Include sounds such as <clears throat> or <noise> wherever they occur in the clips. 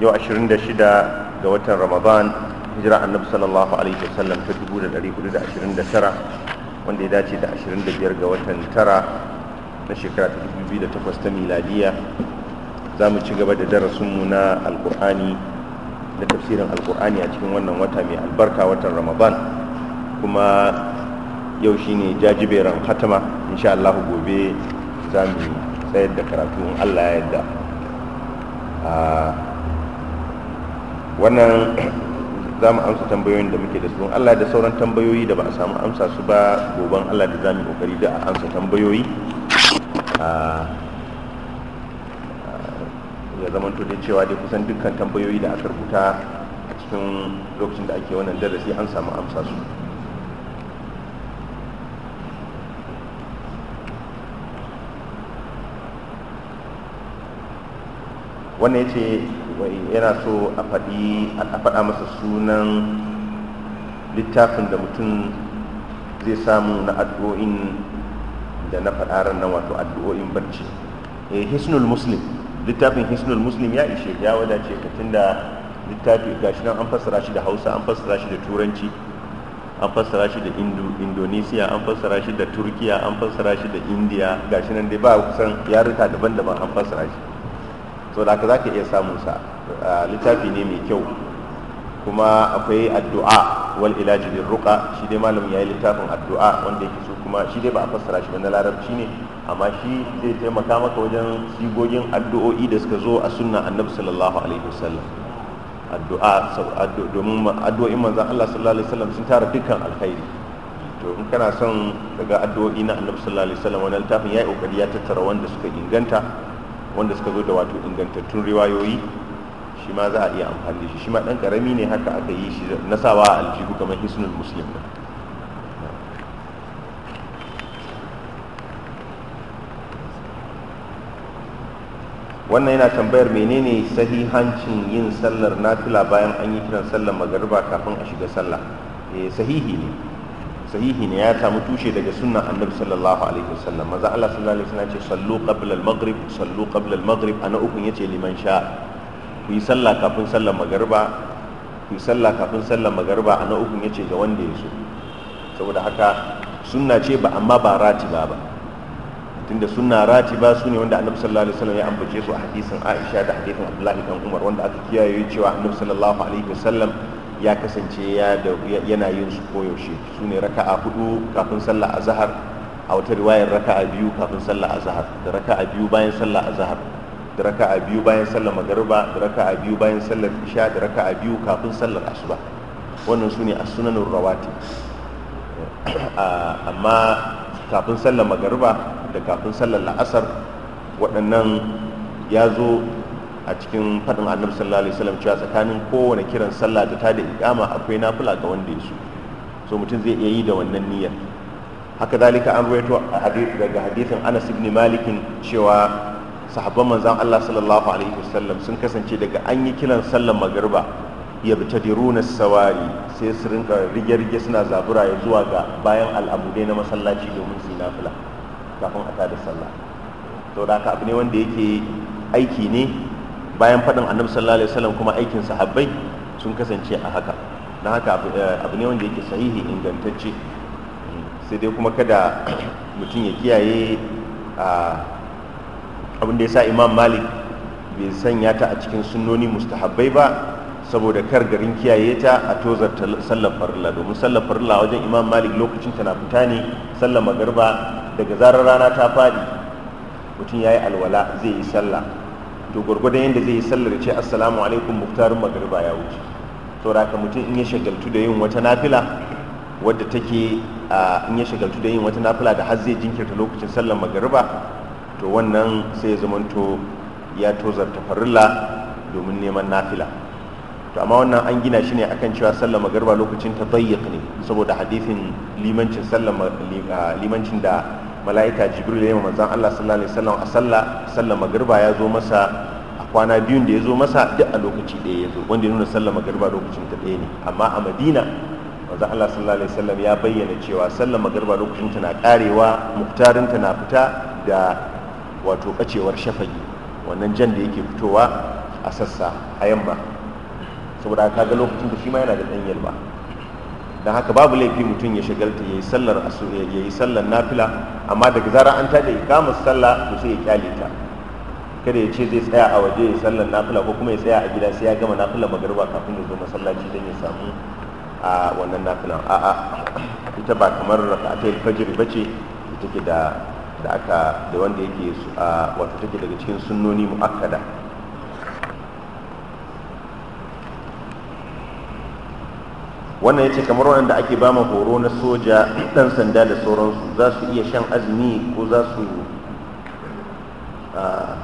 yau 26 ga watan ramadan hijira annabi sallallahu alaihi wasallam ta 1429 wanda ya dace da 25 ga watan tara na shekara ta 2008 ta miladiya za mu ci gaba da darasinmu na alkur'ani da tafsirin alkur'ani a cikin wannan wata mai albarka watan ramadan kuma yau shine jajiberan hatama insha Allah gobe za mu tsayar da karatu Allah ya yarda ah, wannan za mu amsa tambayoyin da muke da su Allah da sauran tambayoyi da ba a samu amsa su ba goban Allah da za mu kokari da a amsa tambayoyi ah, ya zama to cewa dai kusan dukkan tambayoyi da aka rubuta a cikin lokacin da ake wannan darasi an samu amsa su wannan ya yana so a faɗi a faɗa masa sunan littafin da mutum zai samu na addu'o'in da na faɗaran nan wato addu'o'in barci eh hisnul muslim littafin hisnul muslim ya ishe ya wadace ka tunda littafi gashi nan an fassara shi da hausa an fassara shi da turanci an fassara shi da indonesia an fassara shi da turkiya an fassara shi da india gashi nan dai ba kusan yaruka daban-daban an fassara shi so da za ka iya samun sa littafi ne mai kyau kuma akwai addu'a wal ilaji bil ruqa shi dai malamin yayi littafin addu'a wanda yake so kuma shi dai ba a fassara shi ba na larabci ne amma shi zai taimaka maka wajen sigogin addu'o'i da suka zo a sunna annabi sallallahu alaihi wasallam addu'a domin addu'o'in manzon Allah sallallahu alaihi wasallam sun tara dukkan alkhairi to in kana son daga addu'o'i na annabi sallallahu alaihi wasallam wannan littafin yayi kokari ya tattara wanda suka inganta wanda suka zo da wato ingantattun riwayoyi shi ma za a iya amfani da shi shi ma dan karami ne haka aka yi shi na sawa a aljihu kamar hisnul muslim ne wannan yana tambayar menene sahihancin yin sallar nafila bayan an yi kiran sallar magariba kafin a shiga sallah eh sahihi ne sahihi ne ya samu tushe daga sunnan annabi sallallahu alaihi wasallam maza Allah sallallahu alaihi wasallam ce sallu qabla al-maghrib sallu qabla al-maghrib ana ukun yace liman sha ku yi sallah kafin sallar magariba ku yi sallah kafin sallar magariba ana ukun yace ga wanda ya so saboda haka sunna ce ba amma ba ratiba ba tunda sunna ratiba su ne wanda annabi sallallahu alaihi wasallam ya ambace su a hadisin Aisha da hadisin Abdullahi dan Umar wanda aka kiyaye cewa annabi sallallahu alaihi wasallam ya kasance yana yin su koyaushe su ne raka a hudu kafin sallah azhar a wata riwayar a biyu kafin sallah azhar da raka a biyu bayan sallah azhar da raka a biyu bayan sallah magariba da raka a biyu bayan sallar isha da raka a biyu kafin sallar asuba wannan su ne as-sunanur rawati amma kafin sallar magariba da kafin sallar la'asar waɗannan ya zo a cikin faɗin annabi sallallahu alaihi wasallam cewa tsakanin kowane kiran sallah da tada iqama akwai nafila ga wanda ya so so mutum zai iya yi da wannan niyyar haka zalika an ruwaito daga hadisin Anas ibn Malik cewa sahabban manzon Allah sallallahu alaihi wasallam sun kasance daga an yi kiran sallar magriba ya bi tadiruna sawari sai su rinka rige-rige suna zabura ya zuwa ga bayan al'amudai na masallaci domin su yi nafila kafin a tada sallah to da haka abu ne wanda yake aiki ne bayan faɗin annabi sallallahu alaihi wasallam kuma aikin sahabbai sun kasance a haka don haka abu eh, ne wanda yake sahihi ingantacce sai dai kuma kada mutum ya kiyaye abin da ya sa imam malik bai sanya ta a cikin sunnoni mustahabbai ba saboda kar garin kiyaye ta a tozar sallar farilla domin sallar farilla wajen imam malik lokacin tana fita ne sallar magarba daga zarar rana ta faɗi mutum ya yi alwala zai yi sallah to gwargwadon yadda zai yi sallar ce assalamu alaikum muktarin magariba ya wuce saboda haka mutum in ya shagaltu da yin wata nafila wadda take in ya shagaltu da yin wata nafila da har zai jinkirta lokacin sallar magariba to wannan sai ya zamanto ya ta farilla domin neman nafila to amma wannan an gina shi ne akan cewa sallar magariba lokacin ta ne saboda hadisin limancin da mala'ika jibril ya yi manzan Allah sallallahu alaihi wasallam a sallah sallar magriba ya zo masa a kwana biyun da ya zo masa duk a lokaci ɗaya ya zo wanda ya nuna Sallah magriba lokacin ta ɗaya ne amma a madina manzan Allah sallallahu alaihi wasallam ya bayyana cewa Sallah magriba lokacin ta na karewa muktarin ta na fita da wato bacewar shafagi wannan jan da yake fitowa a sassa a yamma saboda ga lokacin da shi ma yana da ɗan yalwa da haka babu laifi mutum ya shagalta ya yi sallar ya yi sallar nafila amma daga zarar an tada su sallah to sai ya kyale ta kada ya ce zai tsaya a waje ya sallar nafila ko kuma ya tsaya a gida sai ya gama nafila magariba kafin ya zo masallaci don ya samu a wannan nafila a a ita ba kamar raka'atul ba bace ita ke da da aka da wanda yake wata take daga cikin sunnoni mu'akkada wannan ya ce kamar wanda ake ba ma horo na soja dan sanda da sauransu za su iya shan azumi ko za su ah,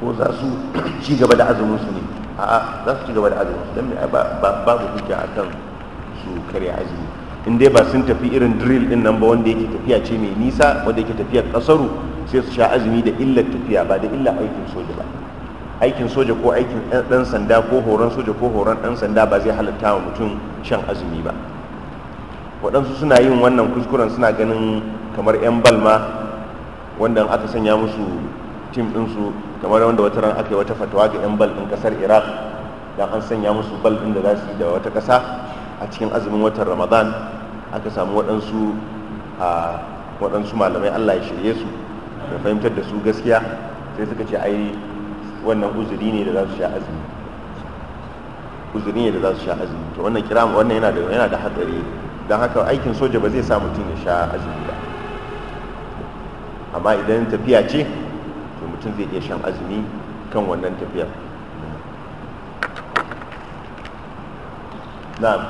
ko za su ci gaba da azumin su ne a'a za su ci gaba da azumin su don me babu hujja a kan su karya azumi in dai ba sun tafi irin drill din nan ba wanda yake tafiya ce mai nisa wanda yake tafiyar kasaru sai su sha azumi da illar tafiya ba da illar aikin soja ba aikin soja ko aikin ɗan sanda ko horon soja ko horon ɗan sanda ba zai halatta wa mutum shan azumi ba waɗansu suna yin wannan kuskuren suna ganin kamar 'yan balma wanda aka sanya musu tim ɗinsu kamar wanda wata ran aka yi wata fatawa ga 'yan bal ɗin ƙasar iraq da an sanya musu bal ɗin da za su yi da wata ƙasa a cikin azumin watan ramadan aka samu waɗansu waɗansu malamai allah ya shirye su da fahimtar da su gaskiya sai suka ce ai wannan uzuri ne da za su sha azumi uzuri ne da za su sha azumi to wannan kira wannan yana da yana da hatsari don haka aikin soja ba zai sa mutum ya sha azumi ba amma idan tafiya ce to mutum zai iya shan azumi kan wannan tafiyar na'am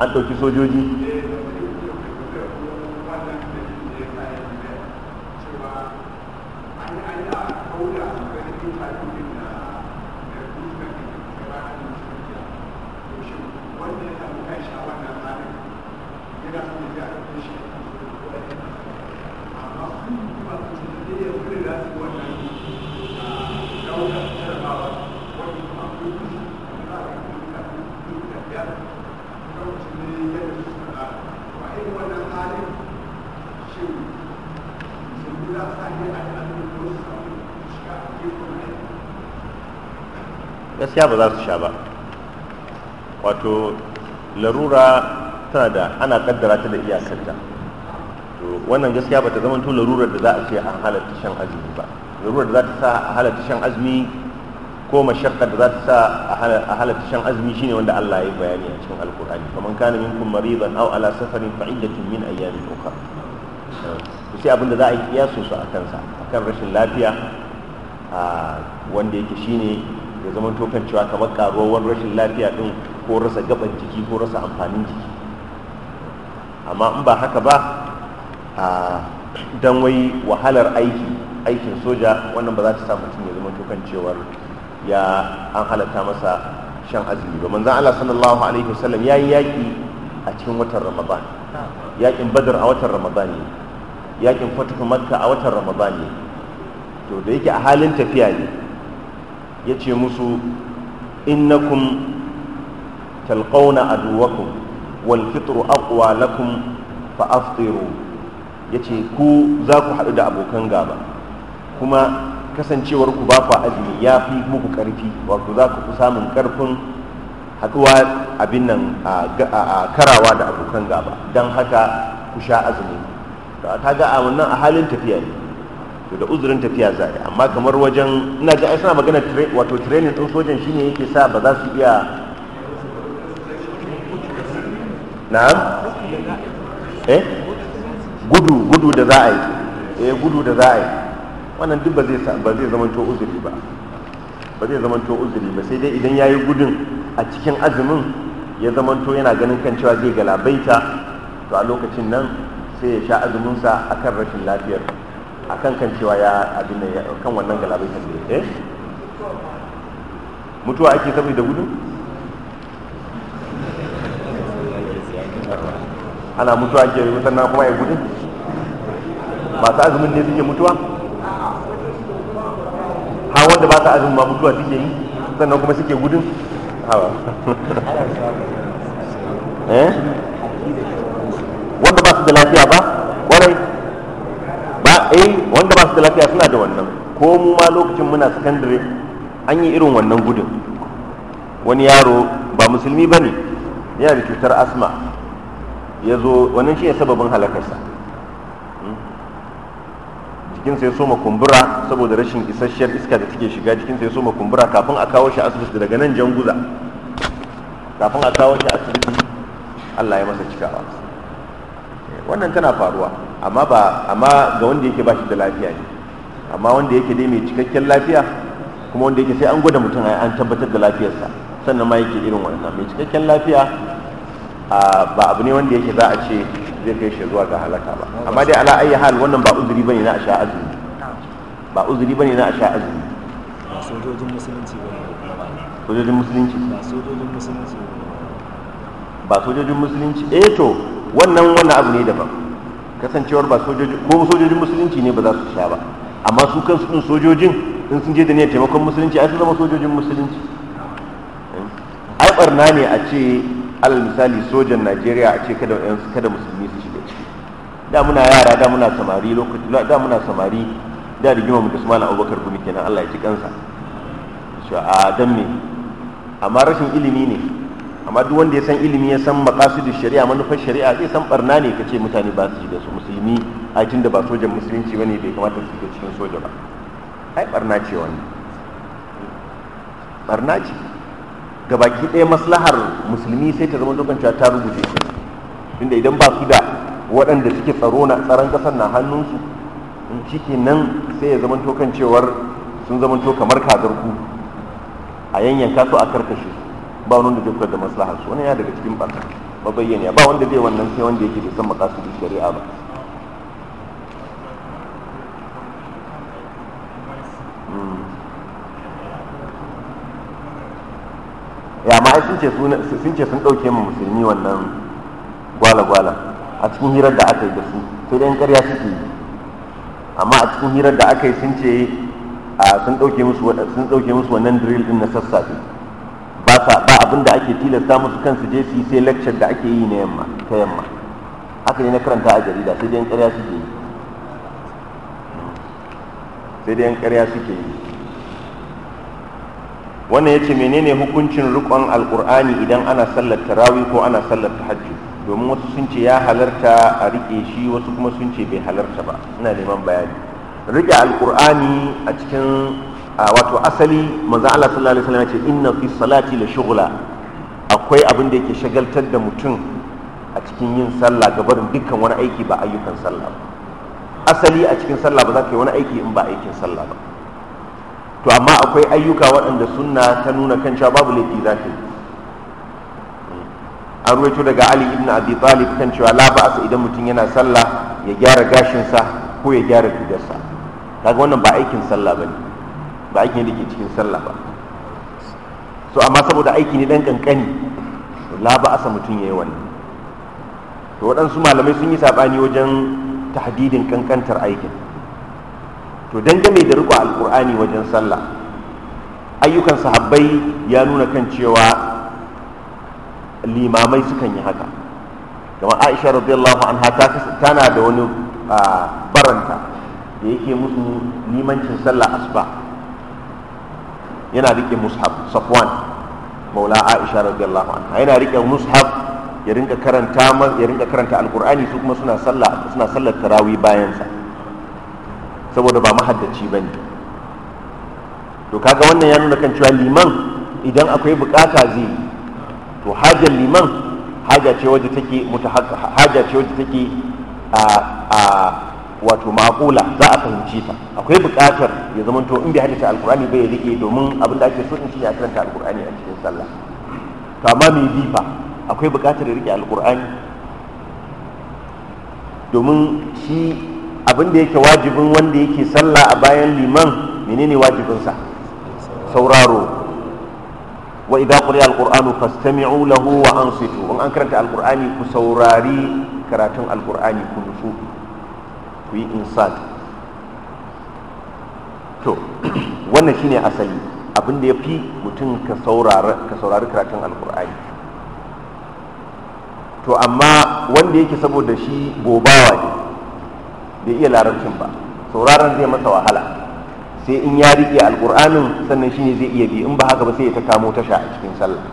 an ɗauki sojoji gaskiya ba za su sha ba wato larura tana da ana kaddara ta da iyakarta to wannan gaskiya ba ta zama to larurar da za a ce an halatta shan azumi ba larurar da za ta sa a halatta shan azumi ko mashakkar da za ta sa a halatta shan azumi shine wanda Allah ya bayani a cikin alkur'ani man kana minkum maridan aw ala safarin fa iddatun min ayyamin ukhra sai abin za a yi kiyasu su a kansa akan rashin lafiya wanda yake shine ya zama tokan cewa kamar karuwar rashin lafiya din ko rasa gaban jiki ko rasa amfanin jiki amma in ba haka ba a dan wai wahalar aiki aikin soja wannan ba za ta sa mutum ya zama tokan cewar ya an halatta masa shan azumi ba manzon Allah sallallahu alaihi wasallam yayi yaki a cikin watan Ramadan yakin badar a watan Ramadan ne yakin fatu makka a watan ne to da yake a halin tafiya ne ya ce musu innakum talqauna aduwakum wal fitru aqwa lakum fa aftiru ya ce ku za ku haɗu da abokan gaba kuma kasancewar ku ba ku azumi ya fi muku ƙarfi wato za ku samun ƙarfin haɗuwa abin nan a karawa da abokan gaba don haka ku sha azumi ta ga a wannan a halin tafiya ne to da uzurin tafiya za a amma kamar wajen ina ga ai suna magana wato training din sojan shine yake sa ba za su iya na'am eh gudu gudu da za a yi eh gudu da za a yi wannan duk ba zai ba zai zama to uzuri ba ba zai zama to uzuri ba sai dai idan yayi gudun a cikin azumin ya zama to yana ganin kan cewa zai galabaita to a lokacin nan sai ya sha azumin sa akan rashin lafiyar a kan kan cewa ya abin da kan wannan galabai ta ne eh mutuwa ake saboda gudu ana mutuwa ake na kuma ya gudu masu azumin ne suke mutuwa ha wanda ba ta azumin ma mutuwa suke yi sannan kuma suke gudun hawa <laughs> eh wanda ba su da lafiya ba eh wanda ba su da lafiya suna da wannan ko mu ma lokacin muna sakandare an yi irin wannan gudun wani yaro ba musulmi ba ne yana da cutar asma ya zo wannan shi ne sababin halakarsa hmm? jikinsa ya soma kumbura saboda rashin isasshiyar iska da take shiga jikinsa ya soma kumbura kafin a kawo shi asibiti daga nan janguza kafin a kawo shi asibiti allah ya masa cikawa wannan tana faruwa amma ba amma ga wanda yake bashi da lafiya ne amma wanda yake dai mai cikakken lafiya kuma wanda yake sai an gwada mutum an tabbatar da lafiyarsa sannan ma yake irin wannan mai cikakken lafiya ba abu ne wanda yake za a ce zai kai shi zuwa ga halaka ba amma dai ala ayi hal wannan ba uzuri bane na asha azumi ba uzuri bane na asha azumi ba sojojin musulunci ba sojojin musulunci ba sojojin musulunci ba sojojin musulunci eh to wannan wannan abu ne daban kasancewar ba sojoji ko sojojin musulunci ne ba za su sha ba amma su kansu din sojojin in sun je da niyyar taimakon musulunci ai su zama sojojin musulunci ai barna ne a ce alal misali sojan Najeriya a ce kada kada musulmi su shiga ciki da muna yara da muna samari lokaci da muna samari da rigima mu da Abubakar gumi kenan Allah ya ci kansa cewa a dan me amma rashin ilimi ne amma duk wanda ya san ilimi ya san maqasidu shari'a manufar shari'a zai san barna ne kace mutane ba su da su musulmi ai tunda ba sojan musulunci bane bai kamata su ga cikin soja ba ai barna ce wani barna ce ga baki ɗaya maslahar musulmi sai ta zama dokan cewa ta rubuce shi tunda idan ba su da waɗanda suke tsaro na tsaron ƙasar na hannunsu in ciki nan sai ya zama tokan cewar sun zama to kamar kazarku a yanyanka su a karkashe su ba wanda zai fitar da maslahar su wani ya daga cikin ba ba bayyana ba wanda zai wannan sai wanda yake da san makasudin shari'a ba hmm. ya ma sun ce sun ce sun dauke mu musulmi wannan gwala-gwala a cikin hirar da aka yi da su sai dai ƙarya suke yi amma a cikin hirar da aka yi sun ce sun musu sun dauke musu wannan drill din na sassafe ba sa ba abin da ake tilasta musu kansu je su sai lecture da ake yi na yamma ta yamma haka ne na karanta a jarida sai dai yan ƙarya suke yi sai dai ƙarya suke yi wannan ya ce menene hukuncin rukun alqur'ani idan ana sallar tarawi ko ana sallar hajji domin wasu sun ce ya halarta a rike shi wasu kuma sun ce bai halarta ba ina neman bayani rike alqur'ani a cikin Ah, wato asali manzan Allah sallallahu alaihi wasallam ya ce inna fi salati la shughla akwai abin da yake shagaltar da mutum a cikin yin sallah ga barin dukkan wani aiki ba ayyukan sallah ba asali a cikin sallah ba za ka yi wani aiki in ba aikin sallah ba to amma akwai ayyuka waɗanda sunna ta nuna kan cewa babu laifi za ka yi hmm. an ruwaito daga ali ibn abi talib kan cewa la asa idan mutum yana sallah ya gyara gashinsa ko ya gyara tudarsa kaga wannan ba aikin sallah ba ne. ba aiki ne da ke cikin sallah ba so amma saboda aiki ne dan kankani la ba asa mutum yayi wannan to waɗansu malamai sun yi sabani wajen tahdidin kankantar aikin to dangane da riko alƙur'ani wajen sallah ayyukan sahabbai ya nuna kan cewa limamai sukan yi haka kamar aisha radiyallahu anha tana da wani ah, baranta da yake musu limancin sallah asuba yana rike mushaf safwan maula aisha radiyallahu anha yana rike mushaf ya rinka karanta ya rinka karanta alqur'ani su kuma suna sallah suna sallar tarawih bayan sa saboda ba mahaddaci bane to kaga wannan ya nuna kan cewa liman idan akwai bukata zai to hajar liman haja ce wadda take mutahaqqa haja ce take a a wato ma'akula za a fahimci ta akwai buƙatar ya zama to in bai haddace alkur'ani bai rike domin abin da ake so in shine a karanta alkur'ani a cikin sallah to amma mai fa akwai buƙatar ya rike alkur'ani domin shi abin da yake wajibin wanda yake sallah a bayan liman menene wajibinsa sauraro wa idza quriya alqur'anu fastami'u lahu wa ansitu in an karanta alkur'ani ku saurari karatun alkur'ani ku nutsu ku yi insat to <clears throat> wannan shine asali abin da ya fi mutum ka saurari karatun alkur'ani to amma wanda yake saboda shi gobawa ne bai iya larabcin ba sauraron zai masa wahala sai in ya riƙe alkur'anin sannan shine zai iya bi in ba haka ba sai ya ta kamo tasha a cikin sallah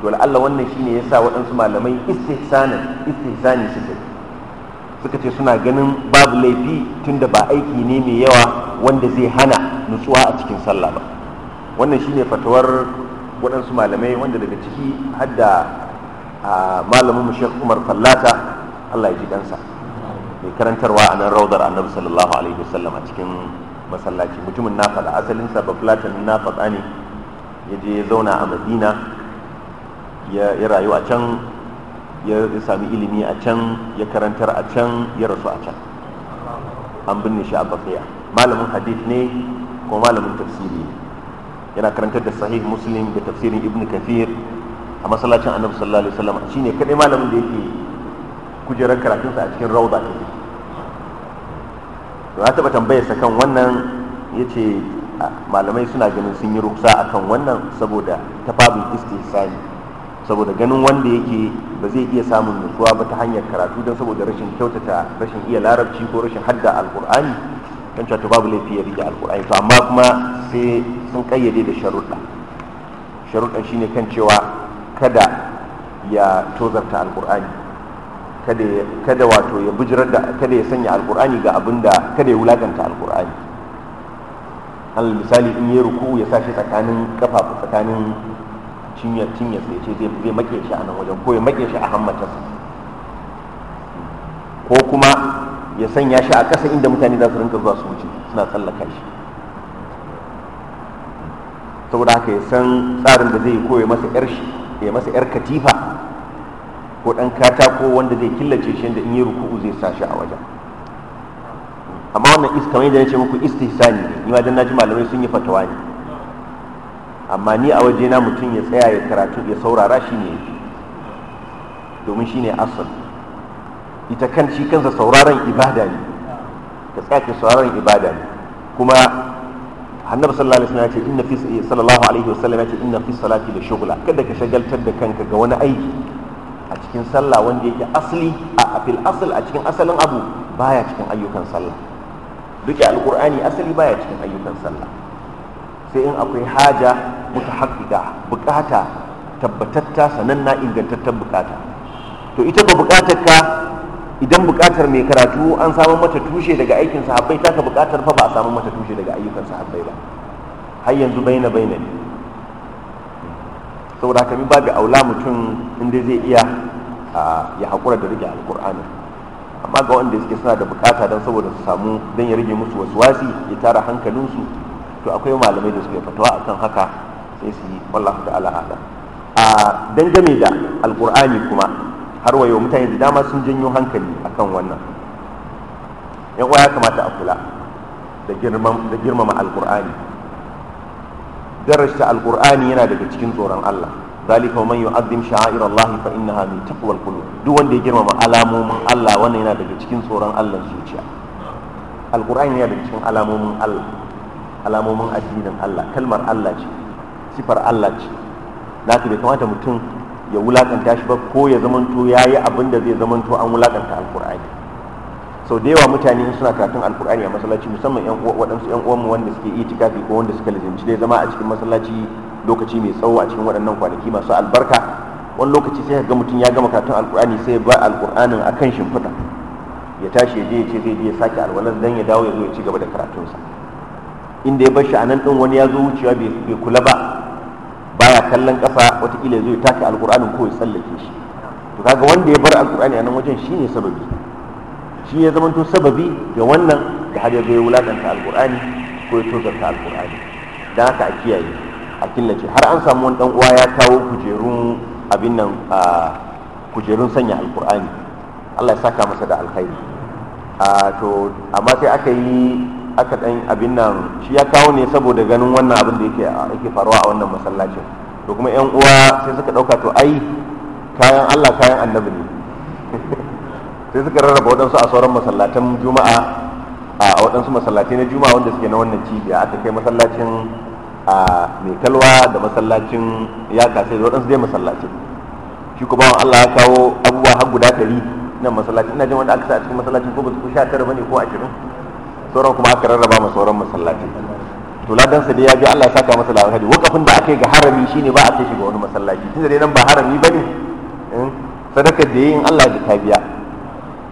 to la'alla wannan shine yasa waɗansu malamai istihsanin istihsani suke suka ce suna ganin babu laifi tunda ba aiki ne mai yawa wanda zai hana nutsuwa a cikin sallah ba wannan shine fatawar waɗansu malamai wanda daga ciki hadda a malamin shek umar fallata allah ya ji ɗansa mai karantarwa a nan raudar annabi sallallahu alaihi wasallam a cikin masallaci mutumin na faɗa asalinsa ba fulatanin na faɗa ne ya je ya zauna a madina ya rayu a can ya sami ilimi a can ya karantar a can ya rasu a can an binne shi a bakiya malamin hadith ne ko malamin tafsiri yana karantar da sahih muslim da tafsirin ibn kafir a masallacin annabi sallallahu alaihi wasallam shine kadai malamin da yake kujerar karatunsa a cikin rawda ta to na taɓa sa kan wannan yace malamai suna ganin sun yi ruksa akan wannan saboda tafabin istihsani saboda ganin wanda yake ba zai iya samun nutsuwa ba ta hanyar karatu don saboda rashin kyautata rashin iya larabci ko rashin hadda alkur'ani don cewa babu laifi ya rike alkur'ani to amma kuma sai sun kayyade da sharuɗa sharuɗan shine kan cewa kada ya tozarta alkur'ani kada kada wato ya bujirar da kada ya sanya alkur'ani ga abin da kada ya wulakanta alkur'ani al misali in ya ruku ya sashi tsakanin kafafu tsakanin cinyar cinyar sai ce zai make shi a nan wajen ko ya make shi a hammatarsa ko kuma ya sanya shi a ƙasa inda mutane za su rinka zuwa su wuce suna tsallaka shi saboda haka ya san tsarin da zai koya masa yar shi ya masa yar katifa ko ɗan katako wanda zai killace shi da in yi ruku'u zai sa shi a wajen amma wannan is kamar yadda na ce muku istihsani ne ni ma dan naji malamai sun yi fatawa ne amma ni a wajena mutum ya tsaya ya karatu ya saurara shi ne domin shi ne asal ita kan shi kansa sauraron ibada ne ka tsaya ka sauraron ibada ne kuma annabi sallallahu alaihi wasallam ya ce inna fi sallallahu alaihi wasallam ya ce inna fi salati da shughla kada ka shagaltar da kanka ga wani aiki a cikin sallah wanda yake asali a fil asal a cikin asalin abu baya cikin ayyukan sallah duke alkur'ani asali baya cikin ayyukan sallah sai in akwai haja mutahaqqida bukata tabbatatta sanan na ingantattar bukata to ita ba bukatar ka idan bukatar mai karatu an samu mata tushe daga aikin sahabbai ka bukatar fa ba a samu mata tushe daga ayyukan sahabbai ba har yanzu baina baina ne saboda haka babu aula mutum inda zai iya ya haƙura da rike alƙur'ani amma ga wanda suke suna da bukata don saboda su samu don ya rage musu wasu wasi ya tara hankalinsu to akwai malamai da suke fatawa akan haka sai su yi wallahu ta'ala hada a dangane da alkur'ani kuma har wayo mutane da dama sun janyo hankali akan wannan yan uwa ya kamata a kula da girmama alkur'ani darasta alkur'ani yana daga cikin tsoron Allah zalika man yu'azzim sha'air Allah fa innaha min taqwal qulub duk wanda ya girmama alamomin Allah wannan yana daga cikin tsoron Allah zuciya alkur'ani yana daga cikin alamomin Allah alamomin addinin Allah kalmar Allah ce sifar Allah ce ka bai kamata mutum ya wulakanta shi ba ko ya zamanto ya yi abin da zai zamanto an wulakanta alkur'ani sau da yawa mutane suna karatun alkur'ani a masallaci musamman yan waɗansu yan uwanmu wanda suke itikafi ko wanda suka lizinci dai zama a cikin masallaci lokaci mai tsawo a cikin waɗannan kwanaki masu albarka wani lokaci sai ga mutum ya gama karatun alkur'ani sai ba alkur'anin kan shimfiɗa ya tashi ya je ya ce zai je ya sake alwalar dan ya dawo ya zo ya ci gaba da karatunsa inda ya bar shi a nan ɗin wani ya zo wucewa bai kula ba kallon ya zo zai taka alkurani ko ya tsallake shi to kaga wanda ya bar alƙur'ani a nan wajen shi ne sababi shi ya zamanto sababi ga wannan da har ya zo ya alkur'ani alƙur'ani ko ya tozarta alƙur'ani don haka a kiyaye a killace har an samu wani uwa ya kawo kujerun abin nan a kujerun sanya alƙur'ani allah ya saka masa da alkhairi a to amma sai aka yi aka ɗan abin nan shi ya kawo ne saboda ganin wannan abin da yake faruwa a wannan masallacin to kuma yan uwa sai suka dauka to ai kayan Allah kayan annabi ne <laughs> sai suka rarraba waɗansu a sauran masallatan juma'a a waɗansu masallatai na juma'a wanda suke na wannan cibiya aka kai masallacin a mai kalwa da masallacin ya kasai da waɗansu dai masallaci shi ko bawan Allah ya kawo abubuwa har guda ɗari nan masallacin ina jin wanda aka sa a cikin masallacin ko ba su ko sha tara bane ko ashirin sauran kuma aka rarraba ma sauran to ladan sa dai ya bi Allah ya saka masa alheri wakafin da akai ga harami shine ba a kai shi ga wani masallaci tunda dai nan ba harami bane eh, sadaka da yin Allah ya ta biya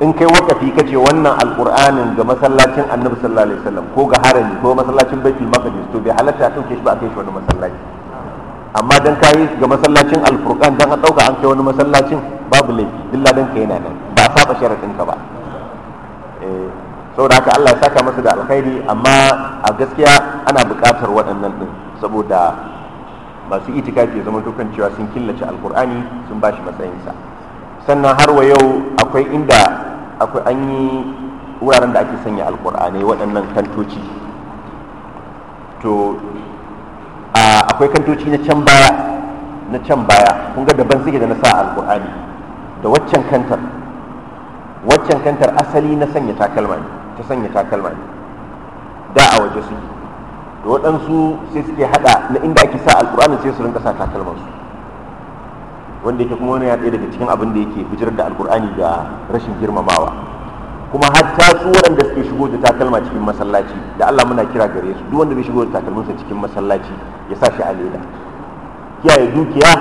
in kai wakafi kace wannan alqur'anin ga masallacin annabi sallallahu alaihi wasallam ko ga harami ko masallacin baitul maqdis to bai halatta a kai shi ba a kai shi wani masallaci amma dan kai ga masallacin alqur'an dan a dauka an kai wani masallacin babu laifi dilla dan kai yana nan ba a saba sharadin ka ba saboda haka Allah ya saka masa da alkhairi amma a gaskiya ana buƙatar waɗannan ɗin saboda masu itikafi ya zama dukan cewa sun killace alkur'ani sun ba shi matsayinsa sannan har wa yau akwai inda akwai an yi wuraren da ake sanya alkur'ani waɗannan kantoci to akwai kantoci na can baya na can baya kun ga daban suke da na sa alkur'ani da waccan kantar waccan kantar asali na sanya takalma ne ta sanya takalma ne da a waje suke da waɗansu sai suke haɗa na inda ake sa alƙur'ani sai su rinka sa su wanda yake kuma wani ya ɗaya daga cikin abin da yake bijirar da alƙur'ani ga rashin girmamawa kuma hatta su waɗanda suke shigo da takalma cikin masallaci da Allah muna kira gare su duk wanda bai shigo da takalminsa cikin masallaci ya sa shi a leda kiyaye dukiya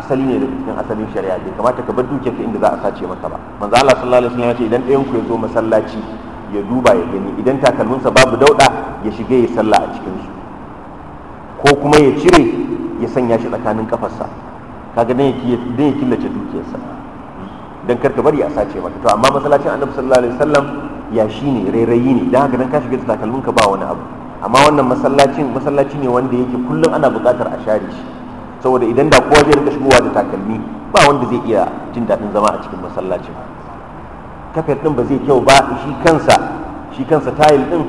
asali ne daga cikin asalin shari'a bai kamata ka bar ka inda za a sace maka ba manzo Allah sallallahu alaihi wasallam ya ce idan ɗayan ku ya zo masallaci ya duba ya gani idan takalminsa babu dauda ya shige ya sallah a cikinsu ko kuma ya cire ya sanya shi tsakanin kafarsa kaga dan ya killace dukiyarsa dan karka bari a sace maka to amma masallacin annabi sallallahu alaihi wasallam ya shine rairayi ne dan haka dan ka shiga da takalminka ba wani abu amma wannan masallacin masallaci ne wanda yake kullum ana buƙatar a share shi saboda idan da kowa zai rinka shigowa da takalmi ba wanda zai iya jin daɗin zama a cikin masallacin kafet ɗin ba zai kyau ba shi kansa shi kansa tayil din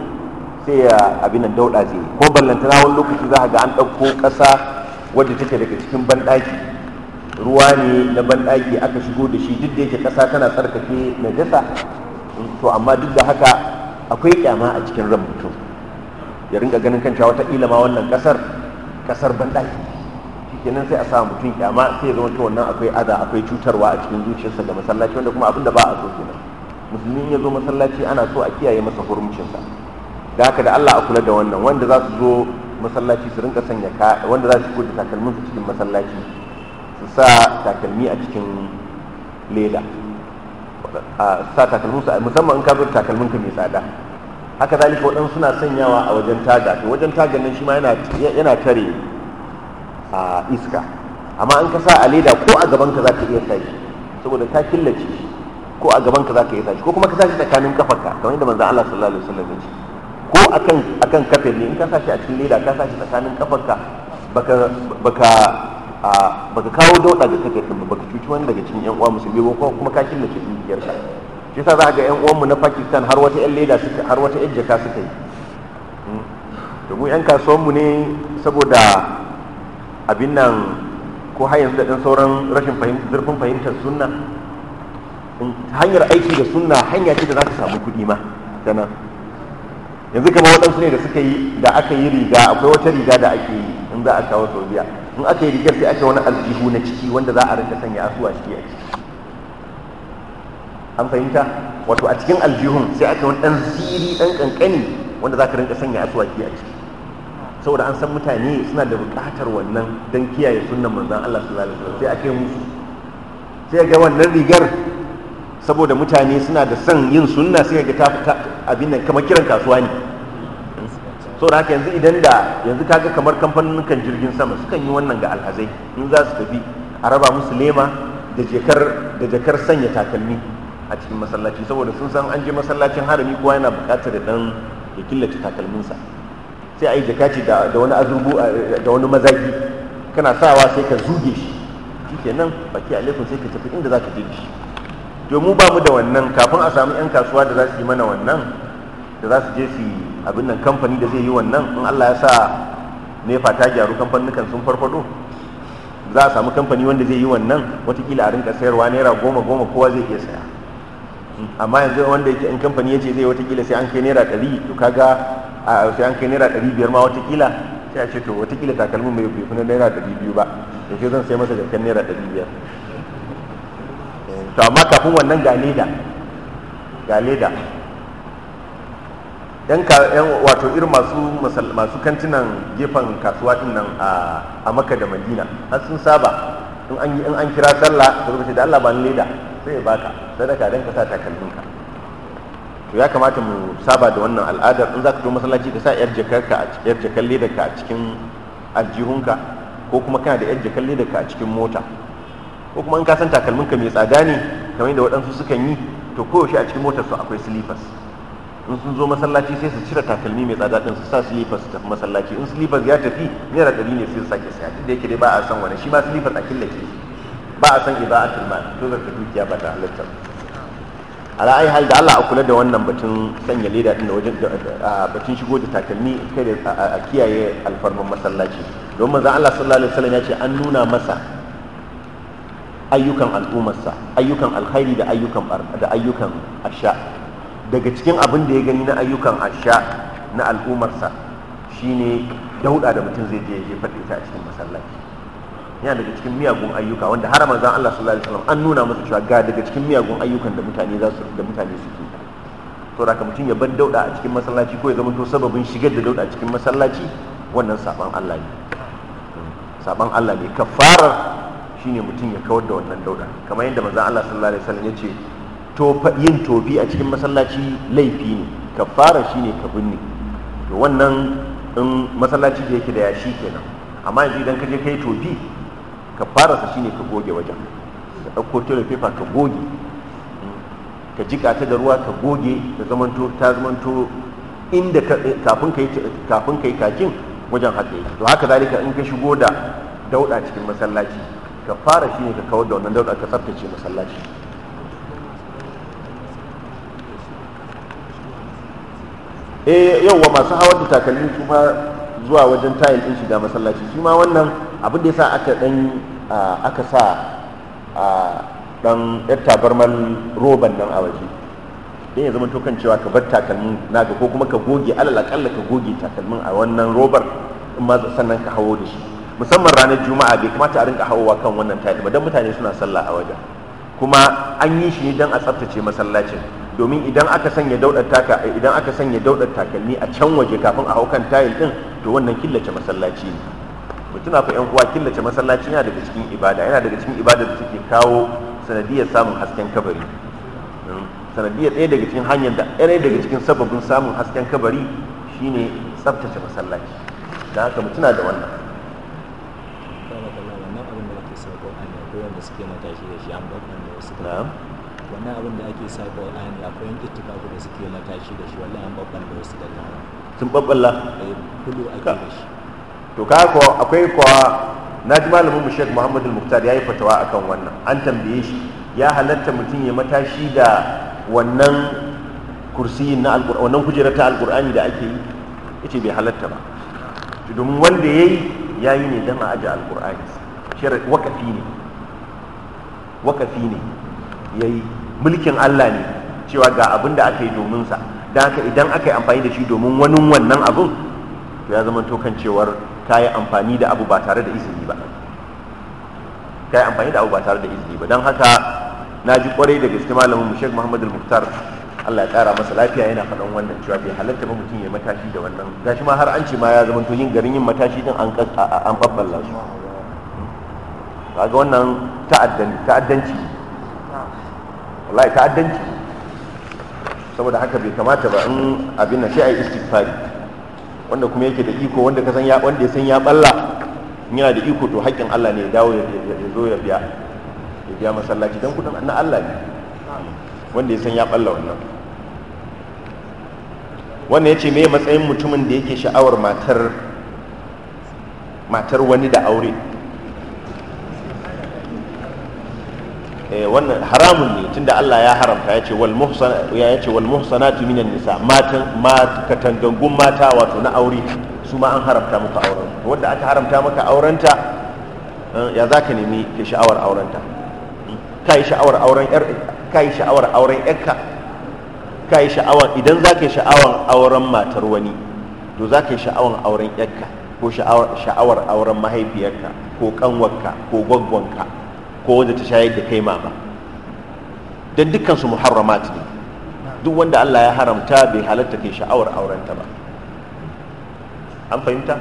sai ya abin nan dauda zai ko ballantana wani lokaci za ga an ɗauko ƙasa wadda take daga cikin banɗaki ruwa ne na banɗaki aka shigo da shi duk da yake ƙasa tana tsarkake najasa to amma duk da haka akwai kyama a cikin ran mutum ya ringa ganin kan cewa wataƙila ma wannan ƙasar ƙasar banɗaki kenan sai a sa mutum kyama sai ya zama wannan akwai ada akwai cutarwa a cikin zuciyarsa da masallaci wanda kuma abin da ba a so kenan musulmi ya zo masallaci ana so a kiyaye masa hurumcinsa da haka da Allah a kula da wannan wanda za su zo masallaci su rinka sanya ka wanda za su shigo da takalmin su cikin masallaci su sa takalmi a cikin leda a sa takalmin su musamman in ka zo takalmin ka mai tsada haka zalika waɗansu suna sanyawa a wajen taga to wajen taga nan shi ma yana tare a iska amma an ka sa a leda ko a gaban ka za ka iya sa saboda ta killace shi ko a gaban ka za ka yi sashi ko kuma ka sashi tsakanin kafarka kamar yadda manzan Allah sallallahu alaihi wasallam ya ce ko akan akan kafir ne in ka sashi a cikin leda ka sashi tsakanin kafarka baka baka baka kawo dauda ga kafir din baka cuci wani daga cikin yan uwa musulmi ba kuma ka killace dukiyar ka shi yasa za ga yan uwan mu na Pakistan har wata yan leda suka har wata yan jaka suka yi hmm. mu yan kasuwan mu ne saboda abin nan ko har yanzu da sauran rashin zurfin fahimtar sunna hanyar aiki da sunna hanya ce da za ka samu kuɗi ma sana yanzu kamar waɗansu ne da suka yi da aka yi riga akwai wata riga da ake yi in za a kawo saudiya in aka yi rigar sai aka wani aljihu na ciki wanda za a rinka sanya asuwa ciki a ciki an fahimta wato a cikin aljihun sai aka wani ɗan ziri ɗan ƙanƙani wanda za ka rinka sanya asuwa ciki a ciki saboda an san mutane suna da buƙatar wannan don kiyaye sunnan manzan Allah sallallahu alaihi wasallam sai aka yi musu sai ga wannan rigar saboda mutane suna da son yin sunna sai ga ta abin nan kamar kiran kasuwa ne da haka yanzu idan da yanzu kaga kamar kamfanin jirgin sama sukan yi wannan ga alhazai in za su tafi a raba musu lema da jakar da jakar sanya takalmi a cikin masallaci saboda sun san an je masallacin harami kowa yana buƙatar da dan ya killace takalminsa sai a yi jaka ce da wani azurbu da wani mazaki kana sawa sai ka zuge shi shikenan baki alaikum sai ka tafi inda za ka je shi to mu ba mu da wannan kafin a samu 'yan kasuwa da za su yi mana wannan da za su je su abin nan kamfani da zai yi wannan in allah ya sa nefa ta gyaru kamfanin sun farfado za a samu kamfani wanda zai yi wannan watakila a rinka sayarwa naira goma goma kowa zai iya saya amma yanzu wanda yake in kamfani ya ce zai watakila sai an kai naira ɗari to kaga sai an kai naira ɗari biyar ma watakila sai a ce to watakila takalmin mai bai fi naira ɗari biyu ba yaushe zan sai masa jakkan naira ɗari biyar to amma kafin wannan ga leda ga leda wato irin masu masu kantinan gefen kasuwa din nan a maka da madina har sun saba in an in an kira sallah to da Allah ba leda sai ya baka sadaka dan ka sa ka. to ya kamata mu saba da wannan al'adar in zaka zo masallaci ka sa yar jakarka a yar jakar leda ka a cikin aljihunka ko kuma kana da yar jakar leda ka a cikin mota ko kuma in ka san takalmin ka mai tsada ne kamar yadda waɗansu sukan yi to koyaushe a cikin motar su akwai silifas in sun zo masallaci sai su cire takalmi mai tsada din su sa silifas su tafi masallaci in silifas ya tafi naira ɗari ne sai su sake saya duk da yake dai ba a san wani shi ma silifas a killace ba a san a mal to zaka dukiya ba ta halatta ala ai hal da Allah a kula da wannan batun sanya leda din da wajen batun shigo da takalmi kai da a kiyaye alfarman masallaci don manzon Allah sallallahu alaihi wasallam ya ce an nuna masa ayyukan al'ummarsa ayyukan alkhairi da ayyukan da ayyukan asha daga cikin abin da ya gani na ayyukan asha na al'ummarsa shine dauda da mutum zai je ya faɗi ta a cikin masallaci yana daga cikin miyagun ayyuka wanda har manzon Allah sallallahu alaihi wasallam an nuna masa cewa ga daga cikin miyagun ayyukan da mutane za su da mutane suke to da mutum ya bar dauda a cikin masallaci ko ya zama to sababin shigar da dauda a cikin masallaci wannan saban Allah ne saban Allah ne kafarar shine mutum ya kawar da wannan dauda kamar yadda manzo Allah sallallahu alaihi wasallam yace yin tofi a cikin masallaci laifi ne kafara shine ka binne to wannan in masallaci da yake da yashi kenan amma yanzu idan ka je kai tofi kafara sa shine ka goge wajen ka dauko tole paper ka goge ka jika ta da ruwa ka goge ta zamanto ta zamanto inda kafin kai kafin kai kakin wajen haka to haka zalika in ka shigo da dauda cikin masallaci Ka fara shi ne ka kawar da wannan dauda ka tsabtace masallaci eh wa masu hawar da takalmi su zuwa wajen tayin din shiga masallaci shi ma wannan abin da yasa aka dan aka sa dan yar tabarmar roban nan a waje dan ya zama tokan cewa ka bar takalmin naka ko kuma ka goge alal akalla ka goge takalmin a wannan robar in ma sannan ka hawo da shi musamman ranar juma'a bai kamata a rinka hawowa kan wannan tayil ba don mutane suna sallah a wajen kuma an yi shi ne don a tsaftace masallacin domin idan aka sanya daudar taka idan aka sanya daudar takalmi a can waje kafin a hau kan tayil din to wannan killace masallaci ne mutuna fa yan uwa killace masallaci yana daga cikin ibada yana daga cikin ibada da take kawo sanadiyar samun hasken kabari hmm, sanadiyar ɗaya daga cikin hanyar da ɗaya daga cikin sababbin samun hasken kabari shine tsaftace masallaci da haka mutuna da wannan suke matashi da shi an bakon da wasu abin da ake sa akwai da suke matashi da shi an bakon da wasu sun babballa eh kudu ake da shi to ka ko akwai ko na ji malamin mu Sheikh Muhammad Al-Muktar yayi fatawa akan wannan an tambaye shi ya halatta mutum ya matashi da wannan kursiyin na alqur'ani wannan kujerar ta alqur'ani da ake yi yace bai halatta ba domin wanda yayi yayi ne dan a aje alqur'ani sharadi waqafi ne wakafi ne ya yi mulkin Allah ne cewa ga abin da aka yi domin sa da haka idan aka yi amfani da shi domin wani wannan abin to ya zama tokan cewar ka yi amfani da abu ba tare da izini ba ka yi amfani da abu ba tare da izini ba don haka na ji kwarai da gaske malamin mushek muhammad al allah ya tsara masa lafiya yana faɗan wannan cewa bai halatta ba mutum ya matashi da wannan gashi ma har an ce ma ya zama to yin garin yin matashi din an an babballa su kaga wannan ta'addanci wallahi ta'addanci saboda haka bai kamata ba in abin na sai a istighfari wanda kuma yake da iko wanda ka san ya wanda ya san ya balla yana da iko to haƙƙin Allah ne ya dawo ya zo ya biya ya biya masallaci dan kudin na Allah ne wanda ya san ya balla wannan wannan yace me matsayin mutumin da yake sha'awar matar matar wani da aure Eh, wannan haramun ne tunda Allah ya haramta ya ce wal muhsana ya ce wal muhsanatu minan nisa matan katangangun mata wato na aure su ma an haramta muka auren wanda aka haramta maka aurenta eh, ya zaka nemi ke sha'awar aurenta hmm? kai sha'awar auren yar kai sha'awar auren yarka kai sha'awar idan zaka sha'awar auren matar wani to zaka sha'awar auren yarka ko sha'awar auren mahaifiyarka ko kanwarka ko gwaggwanka ko wanda ta shayar da kai mama don su muharramat ne duk wanda Allah ya haramta bai halatta kai sha'awar aurenta ba an fahimta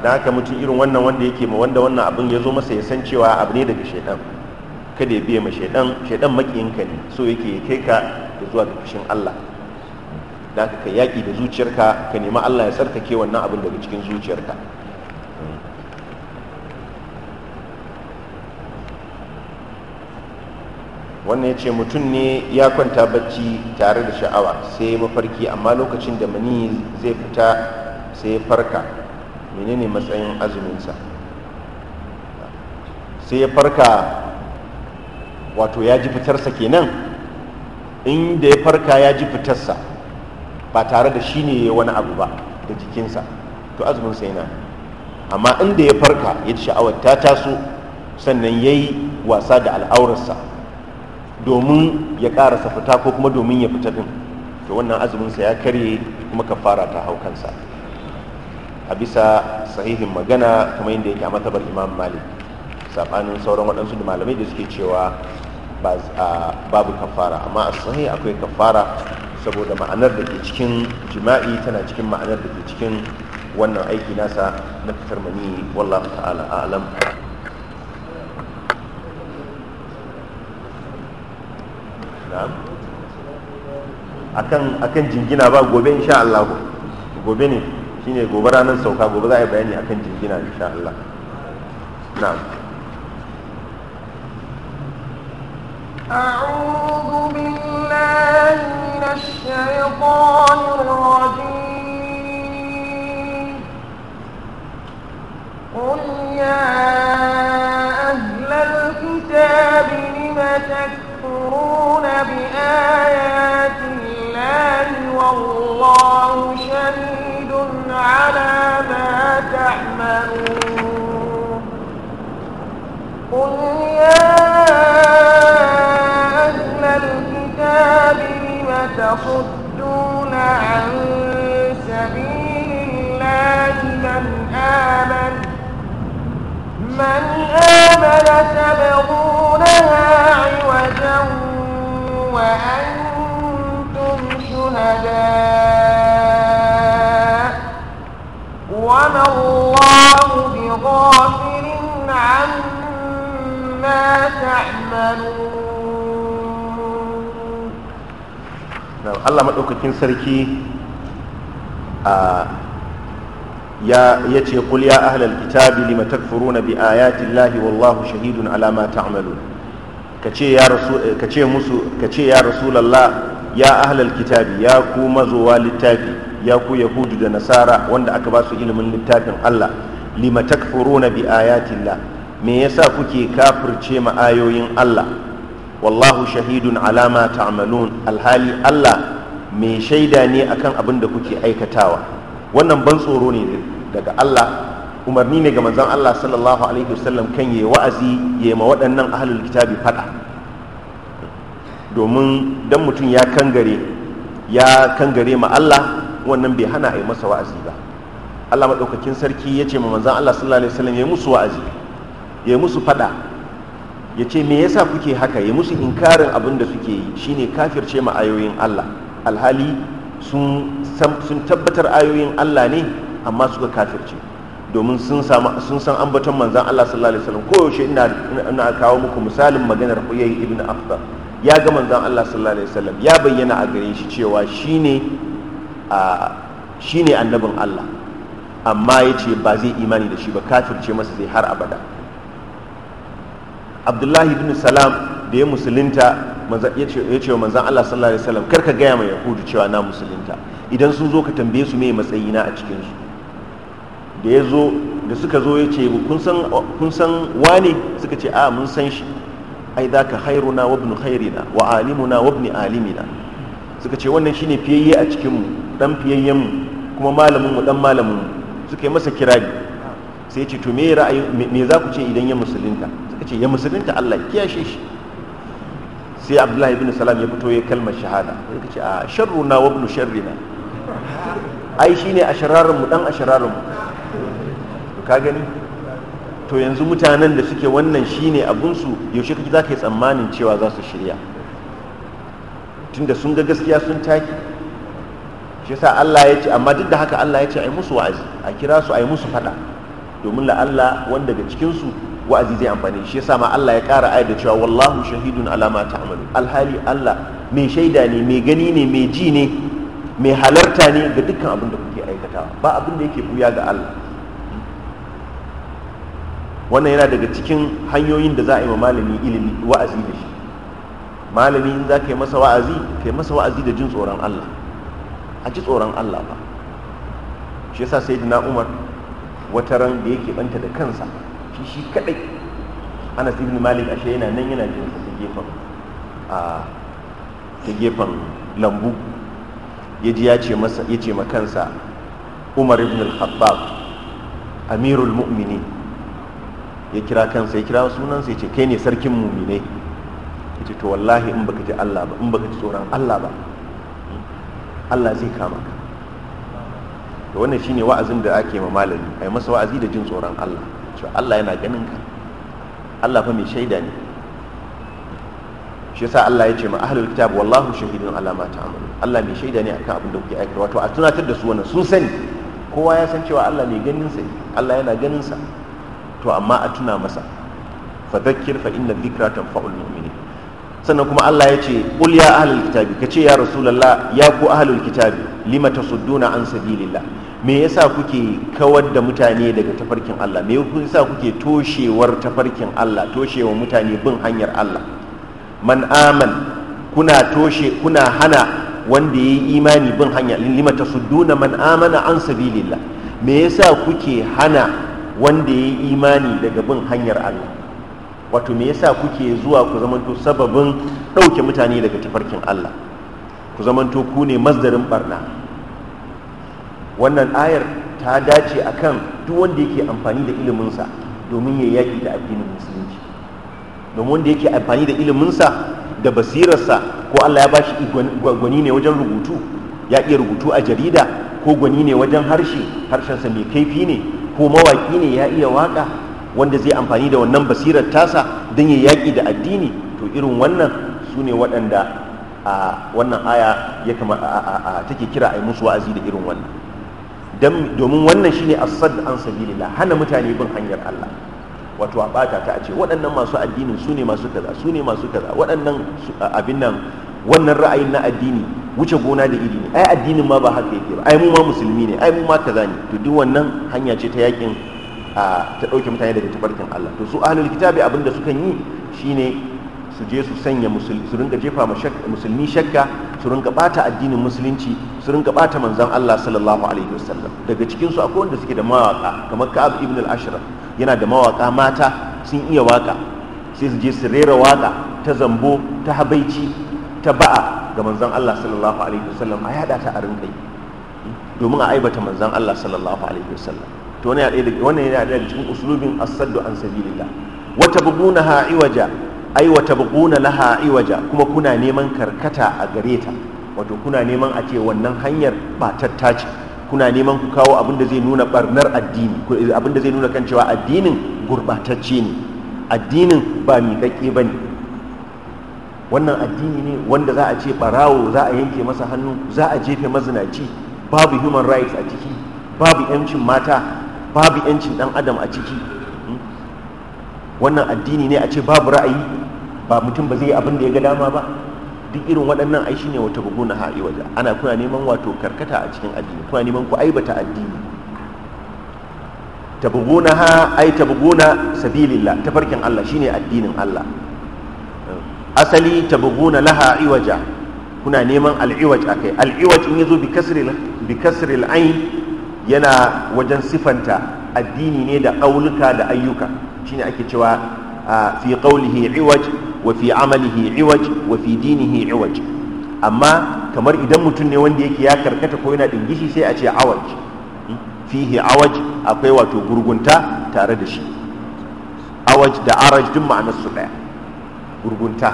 Da haka mutum irin wannan wanda yake ma wanda wannan abin ya zo masa ya san cewa abu ne daga shaidan kada ya biya ma shaidan shaidan makiyinka ne so yake ya kai ka da zuwa ga fushin Allah Da haka ka yaƙi da zuciyarka ka nemi Allah ya tsarkake wannan abin daga cikin zuciyarka wannan ya ce mutum ne ya kwanta bacci tare da sha'awa sai mafarki amma lokacin da mani zai fita sai farka menene matsayin azuminsa sai ya farka wato ya ji fitarsa kenan inda ya farka ya ji fitarsa ba tare da shi ne wani abu ba da jikinsa to azuminsa yana amma inda ya farka ya ji sha'awar ta taso sannan ya yi wasa da al'aurarsa domin ya karasa fita ko kuma domin ya fita din to wannan azumin sa ya karye kuma kafara ta hau kansa a bisa sahihin magana kamar yadda yake a matabar imam malik sabanin sauran waɗansu da malamai da suke cewa babu kafara amma a sahi akwai kafara saboda ma'anar da ke cikin jima'i tana cikin ma'anar da ke cikin wannan aiki nasa na fitar mani wallahu ta'ala alam na'am akan akan jingina ba gobe insha Allah gobe ne shine gobe ranar sauka gobe za a yi bayani akan jingina insha Allah na'am أعوذ بالله من الشيطان الرجيم قل يا أهل الكتاب لم تكفرون بآيات الله والله شهيد على ما تعملون قل يا أهل الكتاب لم تصدون عن سبيل الله من آمن من آمن تبغونها عوجا وأنتم شهداء وما الله بغافل عما تعملون الله مدوكتين سركي ya yace qul ya ahlal kitabi lima takfuruna bi ayati llahi wallahu shahidun ala ma ta'malun ka ce eh, ya rasulallah ya ahlal kitabi ya ku mazowa littafi ya ku yahudu da nasara wanda aka ba su ilimin littafin allah lima takfuruna bi ayatillah me yasa kuke kafirce ma'ayoyin allah wallahu shahidun alama ta'malun alhali allah mai shaida ne akan abin da kuke aikatawa wannan ban tsoro ne daga allah umarni ne ga manzon Allah sallallahu alaihi wasallam kan yayi wa'azi yayi ma waɗannan ahlul kitabi fada domin dan mutum ya kangare ya kangare ma Allah wannan bai hana a yi masa wa'azi ba Allah maɗaukakin sarki ya ce ma manzon Allah sallallahu alaihi wasallam ya musu wa'azi ya musu fada ya ce me yasa kuke haka ya musu inkarin abin da suke yi shine kafirce ma ayoyin Allah alhali sun tabbatar ayoyin Allah ne amma suka kafirce domin sun san ambaton manzan Allah sallallahu alaihi wasallam koyaushe ina kawo muku misalin maganar Huyay ibn Akhtar ya ga manzan Allah sallallahu alaihi wasallam ya bayyana a gare shi cewa shine shine annabin Allah amma ya ce ba zai imani da shi ba ce masa zai har abada Abdullahi ibn Salam da ya musulunta ya ce wa manzan Allah sallallahu alaihi wasallam ka gaya ma yahudu cewa na musulunta idan sun zo ka tambaye su me matsayina a cikinsu da ya zo da suka zo ya ce kun san wane suka ce a ah, mun san shi ai za ka hairuna wabin ibn hairina wa alimuna wa alimina suka ce wannan shine fiyayye a cikinmu dan fiyayyenmu kuma malaminmu dan malaminmu suka yi masa kirari sai ce to me ra'ayi me za ku ce idan ya musulunta suka ce ya musulunta Allah kiyashe shi sai Abdullahi ibn Salam ya fito ya kalmar shahada suka ce a ah, sharruna wa ibn sharrina ai shine mu dan a mu. ka gani to yanzu mutanen da suke wannan shine abinsu yaushe kake za ka yi tsammanin cewa za su shirya tunda sun ga gaskiya sun taki shi sa Allah ya ce amma duk da haka Allah ya ce ai musu wa'azi a kira su ai musu fada domin la Allah wanda daga cikin su wa'azi zai amfani shi yasa ma Allah ya ƙara ayat da cewa wallahu shahidun ala ma ta'malu alhali Allah mai shaida ne mai gani ne mai ji ne mai halarta ne ga dukkan abin da kuke aikatawa ba abin da yake buya ga Allah wannan yana daga cikin hanyoyin da za a yi wa malami ilimi wa'azi da shi malami in za ka yi masa wa'azi ka yi masa wa'azi da jin tsoron Allah a ji tsoron Allah ba shi yasa sai na Umar wata ran da yake banta da kansa shi shi kadai Ana sifin Malik ashe yana nan yana jin ta gefen a ta gefen lambu ya ji ce ya ce ma kansa Umar ibn al-Khattab Amirul Mu'minin ya kira kansa ya kira sunansa ya ce kai ne sarkin muminai ya ce to wallahi in baka ji Allah ba in baka ji tsoron Allah ba Allah zai kama ka to wannan shine wa'azin da ake ma malami ai masa wa'azi da jin tsoron Allah to Allah yana ganin ka Allah fa mai shaida ne shi yasa Allah ya ce ma ahlul kitab wallahu shahidun ala ma ta'malu Allah mai shaida ne akan abin da kuke aikata wato a tunatar da su wannan sun sani kowa ya san cewa Allah mai ganin sa Allah yana ganin sa to amma a tuna masa fadhakkir fa inna dhikra tanfa'ul mu'minin sannan kuma Allah ya ce qul ya ahlul kitabi kace ya rasulullah ya ku ahlul kitabi lima tasudduna an sabilillah me yasa kuke kawar da mutane daga tafarkin Allah me yasa kuke toshewar tafarkin Allah Toshewar mutane bin hanyar Allah man aman kuna toshe kuna hana wanda yayi imani bin hanyar lima tasudduna man amana an sabilillah me yasa kuke hana wanda ya yi imani daga bin hanyar Allah wato me yasa kuke zuwa ku zamanto sababin ɗauke mutane daga tafarkin Allah ku zamanto ku ne masdarin barna wannan ayar ta dace akan duk wanda yake amfani da iliminsa domin ya yaƙi da addinin musulunci domin wanda yake amfani da iliminsa da basirarsa ko Allah ya bashi shi gwani ne wajen rubutu ya iya rubutu a jarida ko gwani ne wajen harshe harshensa mai kaifi ne ko mawaki ne ya iya waka wanda zai amfani da wannan basirar tasa don ya yaƙi da addini to irin wannan su ne waɗanda a wannan aya ya kama a take kira a yi musu wa'azi da irin wannan domin wannan shine asad an sabilillah hana mutane bin hanyar Allah wato a bata ta a ce waɗannan masu addinin su ne masu kaza su ne masu kaza waɗannan abin nan wannan ra'ayin na addini wuce gona da iri ne ai addinin ma ba haka yake ba ai mu ma musulmi ne ai mu ma kaza ne to duk wannan hanya ce ta yakin a ta dauke mutane daga tabarkin Allah to su ahlul kitabi da sukan yi shine su je su sanya musulmi su rinka jefa musulmi shakka su rinka bata addinin musulunci su rinka bata manzon Allah sallallahu alaihi wasallam daga cikin su akwai wanda suke da mawaka kamar Ka'ab ibn al-Ashraf yana da mawaka mata sun iya waka sai su je su rera waka ta zambo ta habaici ta ba'a ga manzon Allah sallallahu alaihi wasallam a yada ta a rinka domin a aibata manzon Allah sallallahu alaihi wasallam to wannan yana da wani yana daga cikin usulubin as-saddu an sabilillah wa tabghunaha iwaja ai wa tabghuna laha iwaja kuma kuna neman karkata a gare ta wato kuna neman a ce wannan hanyar ba tattace kuna neman ku kawo abin da zai nuna barnar addini abin da zai nuna kan cewa addinin gurbatacce ne addinin ba miƙaƙƙe ba ne wannan addini ne wanda za a ce barawo za a yanke masa hannu za a jefe mazinaci babu human rights a ciki babu yancin mata babu yancin dan adam a ciki hmm? wannan addini ne a ce babu ra'ayi ba mutum ba zai yi abin da ya ga dama ba duk irin waɗannan ai shine wata bugu na ha'i waje ana kuna neman wato karkata a cikin addini kuna neman ku aibata addini tabuguna ha ai tabuguna sabilillah tafarkin Allah shine addinin Allah asali ta buguna laha iwaja kuna neman al'iwaj kai. al'iwaj in yazo bi kasril bi ain yana wajen sifanta addini ne da qauluka da ayyuka shine ake cewa fi qawlihi iwaj wa fi amalihi iwaj wa fi dinihi iwaj amma kamar idan mutum ne wanda yake ya karkata ko yana dingishi sai a ce awaj hmm? fihi awaj akwai wato gurgunta tare da shi awaj da araj duk ma'anar su daya gurgunta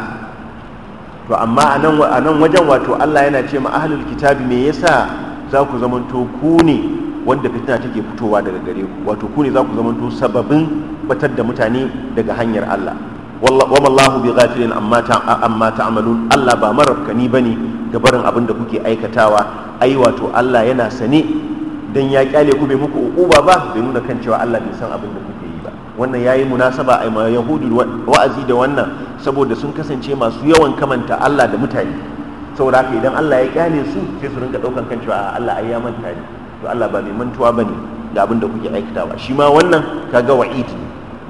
to amma a nan wajen wato allah yana ce ma ahlul kitabi me yasa za ku zamanto ku ne wanda fitina take fitowa daga gare ku wato ku ne za ku zamanto sababin batar da mutane daga hanyar allah wallahu bi ghafilin amma ta'malun allah ba ni bane ga barin abin da kuke aikatawa ai wato allah yana sane dan ya kyale ku bai muku uquba ba bai nuna kan cewa allah bai san abin da kuke wannan ya yi munasaba a yahudu wa'azi da wannan saboda sun kasance masu yawan kamanta Allah da mutane saboda haka idan Allah ya kyale su sai su rinka daukan kan cewa Allah ai ya manta ne to Allah ba mai mantuwa bane da abin da kuke aikatawa shi ma wannan kaga wa'idi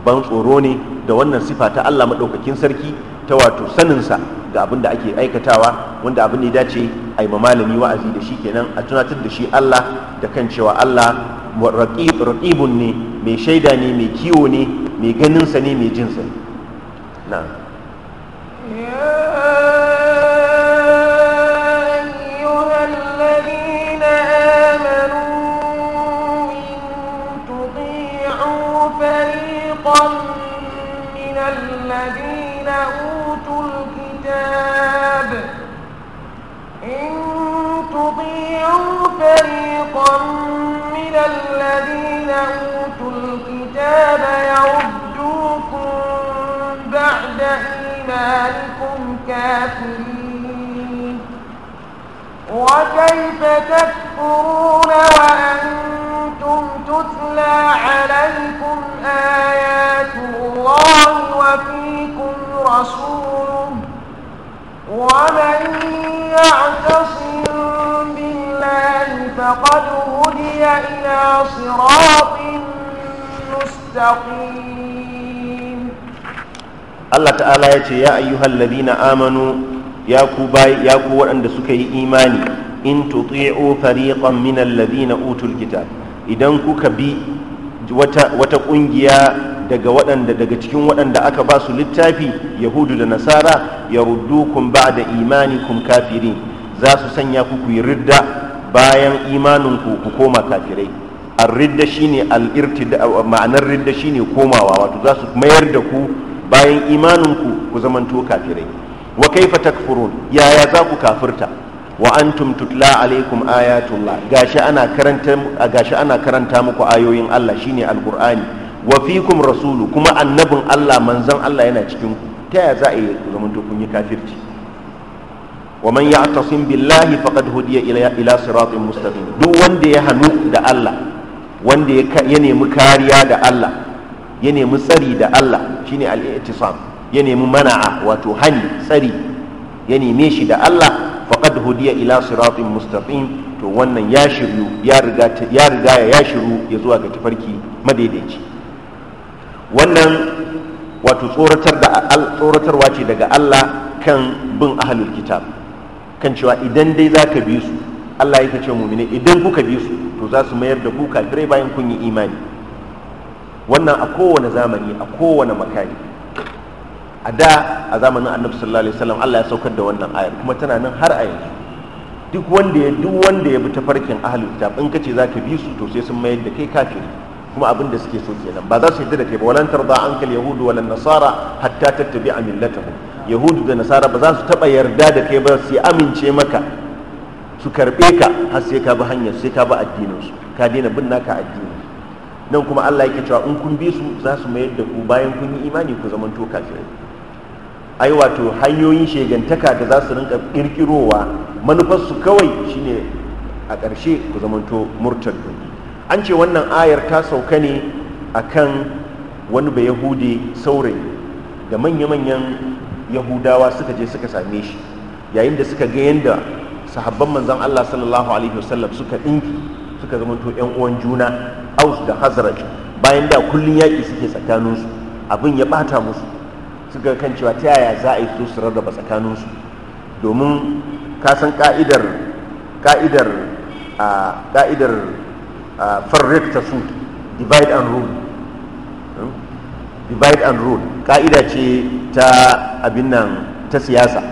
ban tsoro ne da wannan sifa ta Allah madaukakin sarki ta wato sanin sa ga abin da ake aikatawa wanda abin da ya dace ai ma malami wa'azi da shi kenan a tunatar da shi Allah da kan cewa Allah raqibun ne mai shaida ne mai kiwo ne mai ganinsa ne mai jinsa na فريقا من الذين أوتوا الكتاب إن تطيعوا فريقا من الذين أوتوا الكتاب يردوكم بعد إيمانكم كافرين وكيف تكفرون وأنتم تتلى عليكم آيات الله وفيكم رسوله ومن يعتصم بالله فقد هدي إلى صراط Allah الله تعالى يتي ya أيها الذين آمنوا يا كوباي يا كو أن سكي إيماني إن تطيعوا فريقا من الذين أوتوا الكتاب إذا bi وتقنجيا daga waɗanda daga cikin waɗanda aka ba su littafi yahudu da nasara ya kun ba da kun kafirin za su sanya ku ku yi ridda bayan imaninku ku koma kafirai ar-ridda shine al ma'anar ridda shine komawa wato za su mayar da ku bayan imanin ku ku zamanto kafirai wa kaifa takfurun yaya za ku kafirta wa antum tutla alaikum ayatullah gashi ana karanta gashi ana karanta muku ayoyin Allah shine alqur'ani wa fikum rasulu kuma annabin Allah manzon Allah yana cikin ku ta yaya za a yi ku zamanto kun yi kafirci wa man ya'tasim billahi faqad hudiya ila ila siratin duk wanda ya hanu da Allah wanda ya nemi kariya da Allah ya nemi tsari da Allah shine al-i'tisam ya nemi mana'a wato hani tsari ya neme shi da Allah faqad hudiya ila siratin mustaqim to wannan ya shiru ya riga ya ya shiru ya zuwa ga tafarki madaidaici wannan wato tsoratarwa ce daga Allah kan bin ahlul kitab kan cewa idan dai zaka bi su Allah ya ce mumini idan kuka bi su to za su mayar da kuka dare bayan kun yi imani wannan a kowane zamani a kowane makani a da a zamanin annabi sallallahu alaihi wasallam Allah ya saukar da wannan ayar kuma tana nan har a yanzu duk wanda ya duk wanda ya bi ta farkin ahlul kitab in kace zaka bi su to sai sun mayar da kai kafiri kuma abin da suke so kenan ba za su yarda da kai ba walan tarda ankal yahudu walan nasara hatta tattabi'a millatahum yahudu da nasara ba za su taba yarda da kai ba su amince maka su karɓe ka har sai ka bi hanyar sai ka bi addininsu ka daina bin naka addini nan kuma Allah yake cewa in kun bi su za su mayar da ku bayan kun yi imani ku zaman to kafirai ai wato hanyoyin shegantaka da za su rinka kirkirowa manufar su kawai shine a ƙarshe ku zaman to an ce wannan ayar ta sauka ne akan wani bai yahudi saurayi da manya-manyan yahudawa suka je suka same shi yayin da suka ga yadda sahabban manzon Allah sallallahu alaihi wasallam suka dinki suka zama to ƴan uwan juna Aus da Hazraj bayan da kullun yaƙi suke tsakanin abin ya bata musu suka kan cewa ta yaya za a yi su su rarraba tsakanin domin ka san ka'idar ka'idar a ka'idar ta su divide and rule hmm? divide and rule ka'ida ce ta abin nan ta siyasa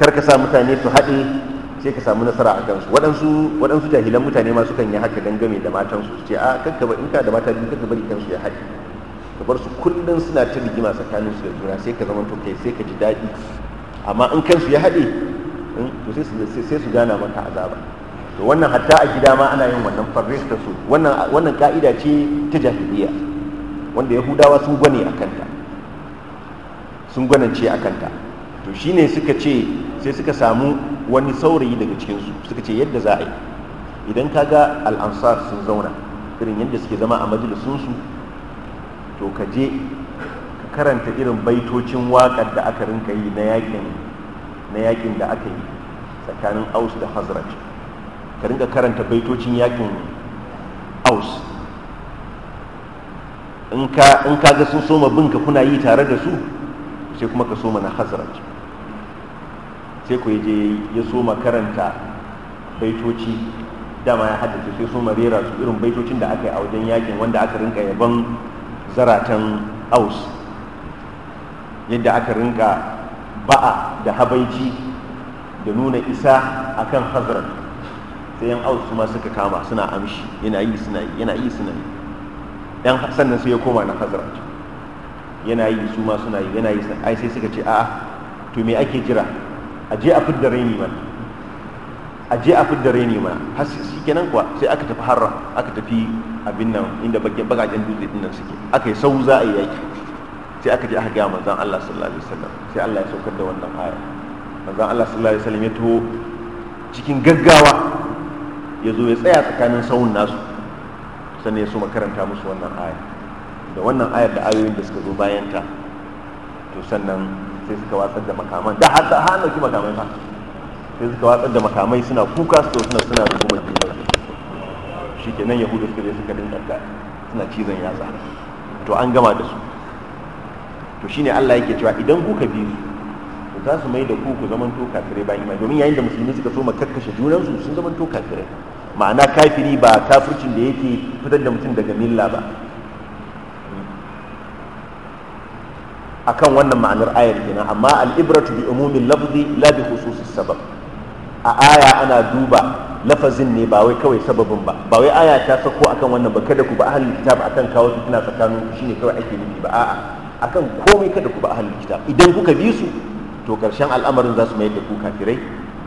kar ka sa mutane su haɗe sai ka samu nasara a kansu waɗansu waɗansu jahilan mutane ma sukan yi haka dangane da matansu su ce a ah, kakkaba in ka da mata biyu kakkaba bari kansu ya haɗe ka bar su kullum suna ta rigima tsakanin su da juna sai ka zama kai sai ka ji daɗi amma in kansu ya haɗe to sai su gana maka azaba to wannan hatta a gida ma ana yin wannan farris da su wannan wannan ka'ida ce ta jahiliya wanda yahudawa sun gwane a kanta sun gwanance a kanta to shine suka ce sai suka samu wani saurayi daga cikinsu suka ce yadda za a yi idan ka ga al'ansar sun zauna irin yadda suke zama a majalisunsu to ka je ka karanta irin baitocin waƙar da aka rinka yi na yakin da aka yi tsakanin aus da hazrat ka rinka karanta baitocin yakin aus in ka ga sun soma bin ka kuna yi tare da su sai kuma ka soma na hazrat sai ku je ya so makaranta baitoci dama ya haddace sai soma rera su irin baitocin da aka yi a wajen yakin wanda aka rinka yaban zaratan aus yadda aka rinka ba'a da habaici da nuna isa akan hazrat sai yan aus ma suka kama suna amshi yana yi suna yi yana yi suna yi dan sannan sai ya koma na hazrat yana yi su ma suna yi yana yi sai suka ce a'a to me ake jira a je a fidda raini mana a je a fidda raini mana har shi kenan kuwa sai aka tafi harra aka tafi abin nan inda bagajen dutse din nan suke aka yi sau za a yi yaki sai aka je aka gaya manzon Allah sallallahu alaihi wasallam sai Allah ya saukar da wannan aya manzon Allah sallallahu alaihi wasallam ya taho cikin gaggawa ya zo ya tsaya tsakanin sauyin nasu sannan ya so makaranta musu wannan aya da wannan ayar da ayoyin da suka zo bayan ta to sannan sai suka watsar da makaman da har har ki makamai fa sai suka watsar da makamai suna kuka su suna suna rugumar juna nan yahudu suka je suka dinga suna cizon yatsa to an gama da su to shine Allah yake cewa idan kuka bi su to za su mai da ku ku zaman to kafirai ba imani domin yayin da musulmi suka so makakkashe junan su sun zaman to kafirai ma'ana kafiri ba kafircin da yake fitar da mutum daga milla ba akan wannan ma'anar ayar kenan amma al'ibratu bi umumin lafzi la bi khususis sabab a aya ana duba lafazin ne ba wai kawai sababin ba ba wai aya ta sako akan wannan ba kada ku ba ahlul kitab akan kawo kuna tsakanin shine kawai ake nufi ba a'a akan komai kada ku ba ahlul kitab idan kuka bi su to karshen al'amarin za su mayar da ku kafirai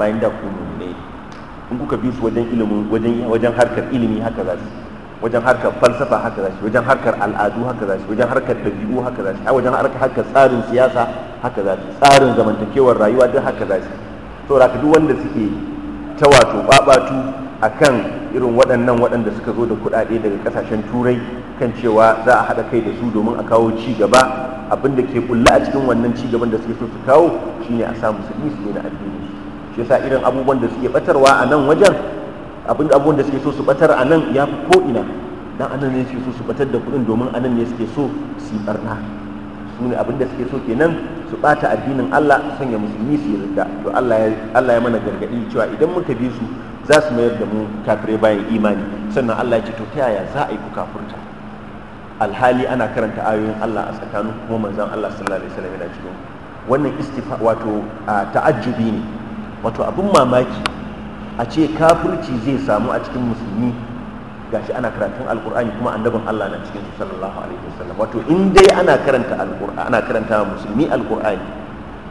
bayan da ku ne in kuka bi su wajen ilimin wajen wajen harkar ilimi haka za su wajen harkar falsafa haka zashi wajen harkar al'adu haka zashi wajen harkar dabi'u haka zashi a wajen harkar tsarin siyasa haka zashi tsarin zamantakewar rayuwa duk haka zashi to da duk wanda suke ta wato babatu akan irin waɗannan waɗanda suka zo da kuɗaɗe daga ƙasashen turai kan cewa za a haɗa kai da su domin a kawo ci gaba abin da ke kulla a cikin wannan ci gaban da suke so su kawo shine a su musulmi su na addini shi yasa irin abubuwan da suke batarwa a nan wajen abin da abubuwan da suke so su batar a nan ya fi ko'ina dan anan ne suke so su batar da kuɗin domin anan ne suke so su yi barna su ne abin da suke so kenan su bata addinin Allah su sanya musulmi su yarda to Allah ya mana gargaɗi cewa idan muka bi su za su mayar da mu kafirai bayan imani sannan Allah ya ce to ta yaya za a yi ku kafurta alhali ana karanta ayoyin Allah a tsakanin kuma manzon Allah sallallahu alaihi wasallam yana cikin wannan istifa wato ta'ajjubi ne wato abin mamaki a ce kafirci zai samu a cikin musulmi gashi ana karatun alkur'ani kuma annabin Allah na cikin su sallallahu alaihi wasallam wato in dai ana karanta alkur'ani ana karanta musulmi alkur'ani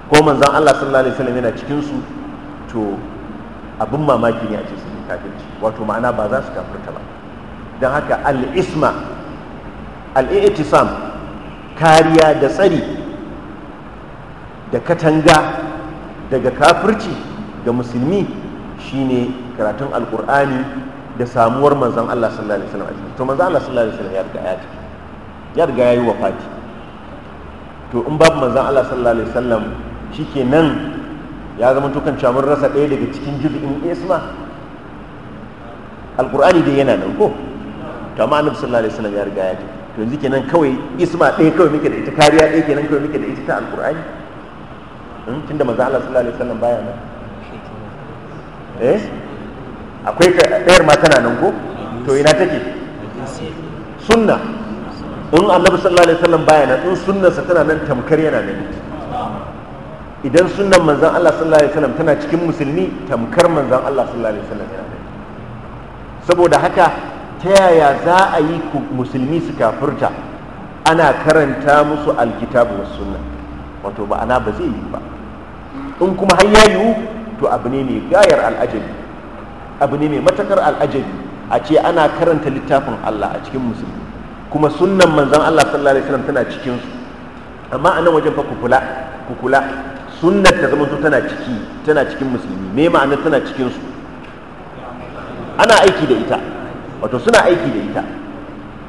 ko manzon Allah sallallahu alaihi wasallam yana cikin su to abin mamaki ne a ce sun kafirci wato ma'ana ba za su kafirta ba don haka al-isma al-i'tisam kariya da tsari da katanga daga kafirci ga musulmi shine karatun alkur'ani da samuwar manzan Allah sallallahu alaihi wasallam to manzan Allah sallallahu alaihi wasallam ya riga ya ciki ya riga ya yi wafati to in babu manzan Allah sallallahu alaihi wasallam shikenan ya zama to kan mun rasa ɗaya daga cikin juz'in isma alkur'ani dai yana nan ko to amma annabi sallallahu alaihi wasallam ya riga ya ciki to yanzu kenan kawai isma ɗaya kawai muke da ita kariya ɗaya kenan kawai muke da ita ta alkur'ani hmm, tunda manzan Allah sallallahu alaihi wasallam baya nan eh akwai ɗayar ma tana nan ko to ina take sunna in annabi sallallahu alaihi wasallam baya nan in sunnarsa tana nan tamkar yana nan idan sunnan manzon Allah sallallahu alaihi wasallam tana cikin musulmi tamkar manzon Allah sallallahu alaihi wasallam yana nan saboda haka ta yaya za a yi musulmi su kafirta ana karanta musu alkitabu was sunna wato ana ba zai yi ba in kuma har ya yiwu to abu ne mai gayar al'ajabi abu ne mai matakar al'ajabi a ce ana karanta littafin Allah a cikin musulmi kuma sunnan manzon Allah sallallahu alaihi wasallam tana cikin su amma a nan wajen fa kukula kukula sunnar ta zama tana ciki tana cikin musulmi me ma'ana tana cikin su ana aiki da ita wato suna aiki da ita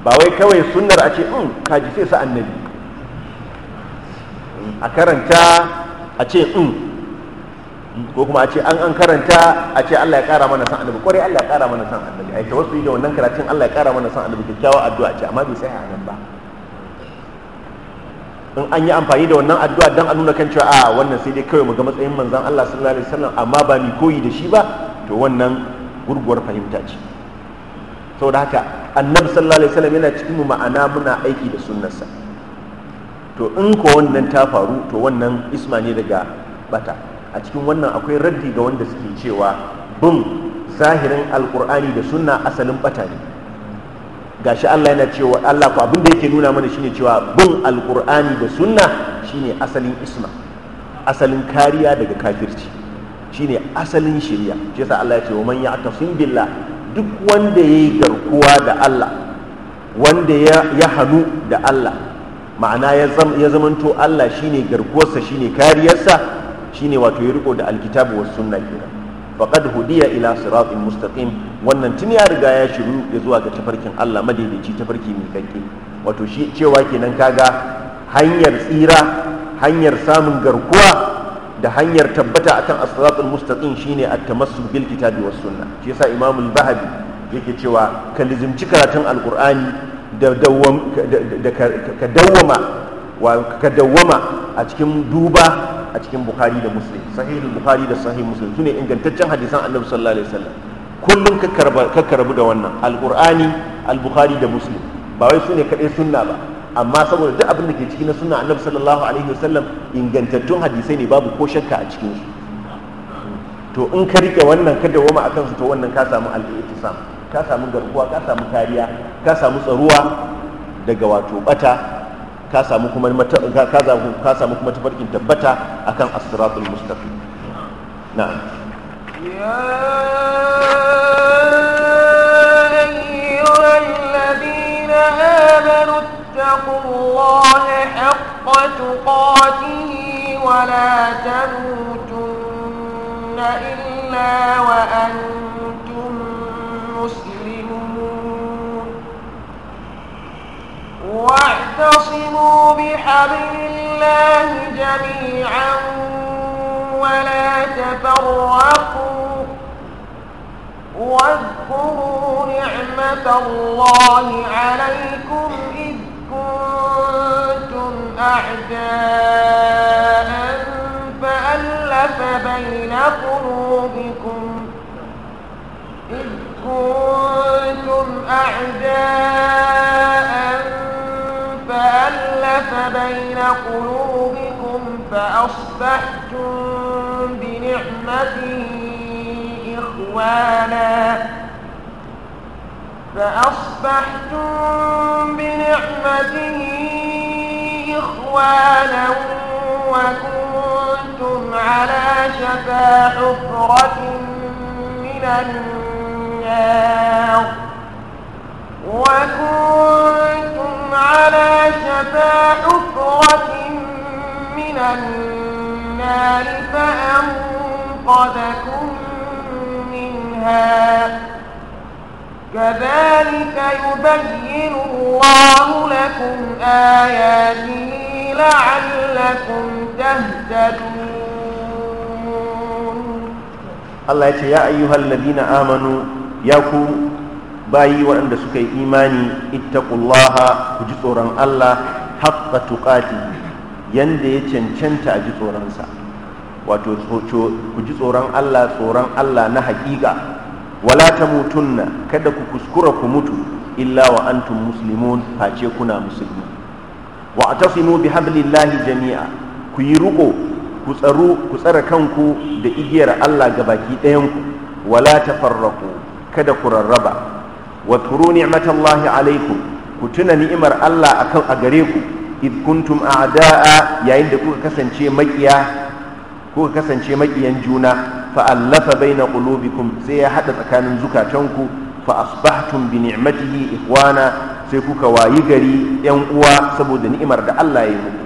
ba wai kawai sunnar a ce in hmm, kaji sai sa annabi a karanta a ce in hmm, ko kuma a ce an an karanta a ce Allah ya kara mana san annabi kwarai Allah ya kara mana san annabi ai tawassuli da wannan karatun Allah ya kara mana san annabi kyakkyawa addu'a ce amma bai sai a nan ba in an yi amfani da wannan addu'a dan a nuna kan cewa a ah, wannan sai dai kawai mu ga matsayin manzon Allah sallallahu alaihi wasallam amma ba ni koyi da shi ba to wannan gurguwar fahimta ce saboda haka annabi sallallahu alaihi wasallam yana cikin mu ma'ana muna aiki da sunnarsa to in ko wannan ta faru to wannan isma ne daga bata a cikin wannan akwai raddi ga wanda suke cewa bin zahirin alkur'ani da sunna asalin bata ne gashi Allah yana cewa Allah ko abin da yake nuna mana shine cewa bin alkur'ani da sunna shine asalin isma asalin kariya daga kafirci shine asalin shirya shi yasa Allah ya ce man ya'tasim billah duk wanda yayi garkuwa da Allah wanda ya hannu da Allah ma'ana ya zamanto Allah shine garkuwarsa shine kariyarsa shine wato ya riko da alkitabu wasu sunna kenan faqad hudiya ila siratin mustaqim wannan tun ya riga ya shiru ya zuwa ga tafarkin Allah madaidaici tafarki mai kanki wato shi cewa kenan kaga hanyar tsira hanyar samun garkuwa da hanyar tabbata akan as-siratul mustaqim shine at-tamassul bil kitabi was sunna shi yasa imam al-bahabi yake cewa ka lizimci karatun alƙur'ani da ka dawwama ka dawwama a cikin duba a cikin bukhari da muslim Sahihul bukhari da sahih muslim sune ingantaccen hadisan annabi sallallahu alaihi wasallam kullum ka karbu da wannan alqur'ani al-bukhari da muslim ba wai sune kadai sunna ba amma saboda duk abin da ke ciki na sunna annabi sallallahu alaihi wasallam ingantattun hadisai ne babu ko shakka a cikin su to in ka rike wannan ka dawoma akan su to wannan ka samu al-ittisam ka samu garkuwa ka samu kariya ka samu tsaruwa daga wato bata ka samu kuma ka samu kuma tafarkin tabbata akan as-siratul mustaqim na'am آمنوا اتقوا الله حق تقاته ولا illa إلا وأنتم واعتصموا بحبل الله جميعا ولا تفرقوا واذكروا نعمة الله عليكم إذ كنتم أعداء فألف بين قلوبكم إذ كنتم أعداء ألف بين قلوبكم فأصبحتم بنعمته إخوانا فأصبحتم بنعمته إخوانا وكنتم على شفا حفرة من النار وكنتم على شفا حفرة من النار فأنقذكم منها كذلك يبين الله لكم آياته لعلكم تهتدون الله يا أيها الذين آمنوا يكون bayi waɗanda suka yi imani ittaqullaha ku ji tsoron Allah haqqa tuqati yanda ya cancanta a ji tsoronsa wato ku ji tsoron Allah tsoron Allah na haƙiƙa wala ta tamutunna kada ku kuskura ku mutu illa wa antum muslimun face kuna musulmi wa atasimu bihablillahi jami'a ku yi ruko ku tsaro ku tsara kanku da igiyar Allah ga baki ɗayanku wala tafarraqu kada ku rarraba waturu ni'matallahi alaikum ku tuna ni'imar Allah akan a gare ku id kuntum a'daa yayin da kuka kasance makiya makiyan juna fa allafa baina qulubikum sai ya hada tsakanin zukatanku fa asbahtum bi ni'matihi ikhwana sai kuka wayi gari yan uwa saboda ni'imar da Allah ya yi muku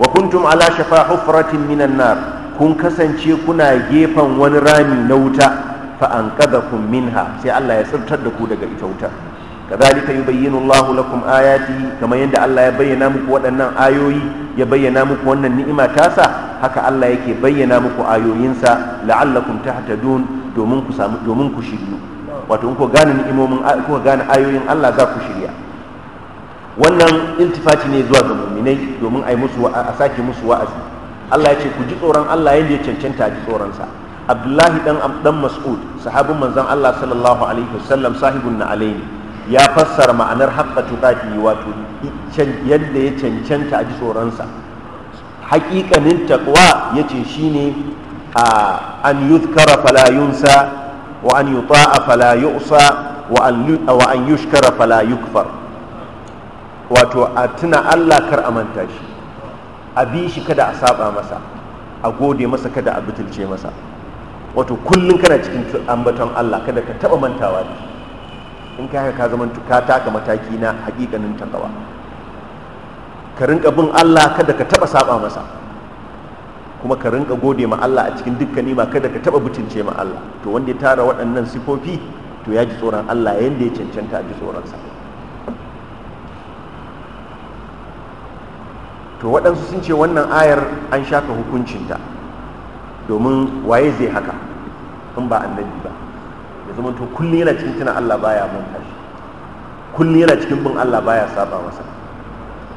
wa kuntum ala shafa hufratin minan nar kun kasance kuna gefen wani rami na wuta fa'anqadakum minha sai Allah ya tsirtar da ku daga ita wuta kazalika yubayyinu Allahu lakum ayati kamar yadda Allah ya bayyana muku waɗannan ayoyi ya bayyana muku wannan ni'ima tasa haka Allah yake bayyana muku ayoyinsa la'allakum tahtadun domin ku samu domin ku wato gane ayoyin Allah za shirya wannan iltifati ne zuwa ga mu'minai domin a sake musu wa'azi Allah ya ce ku ji tsoron Allah yadda ya cancanta ji tsoron sa abdullahi dan dan mas'ud sahabin manzon Allah sallallahu alaihi wasallam sahibun na ya fassara ma'anar haqqa tuqati wato yadda ya cancanta a ji tsoronsa haƙiƙanin taqwa yace shine a an yuzkara fala yunsa wa an yuta'a fala yu'sa wa an yushkara fala yukfar wato a tuna Allah kar a manta shi a bi shi kada a saba masa a gode masa kada a butulce masa wato kullum kana cikin ambaton Allah kada ka taba mantawa da in ka haka ka zama ka taka mataki na hakikanin takawa ka rinka bin Allah kada ka taba saba masa kuma ka rinka gode ma Allah a cikin dukkan nima kada ka taba butunce ma Allah to wanda ya tara waɗannan sifofi to ya ji tsoron Allah yanda ya cancanta a ji tsoron sa to waɗansu sun ce wannan ayar an shafa hukuncinta domin waye zai haka in ba annabi ba ya zama to kullum yana cikin tuna Allah baya manta shi kullum yana cikin bin Allah baya saba masa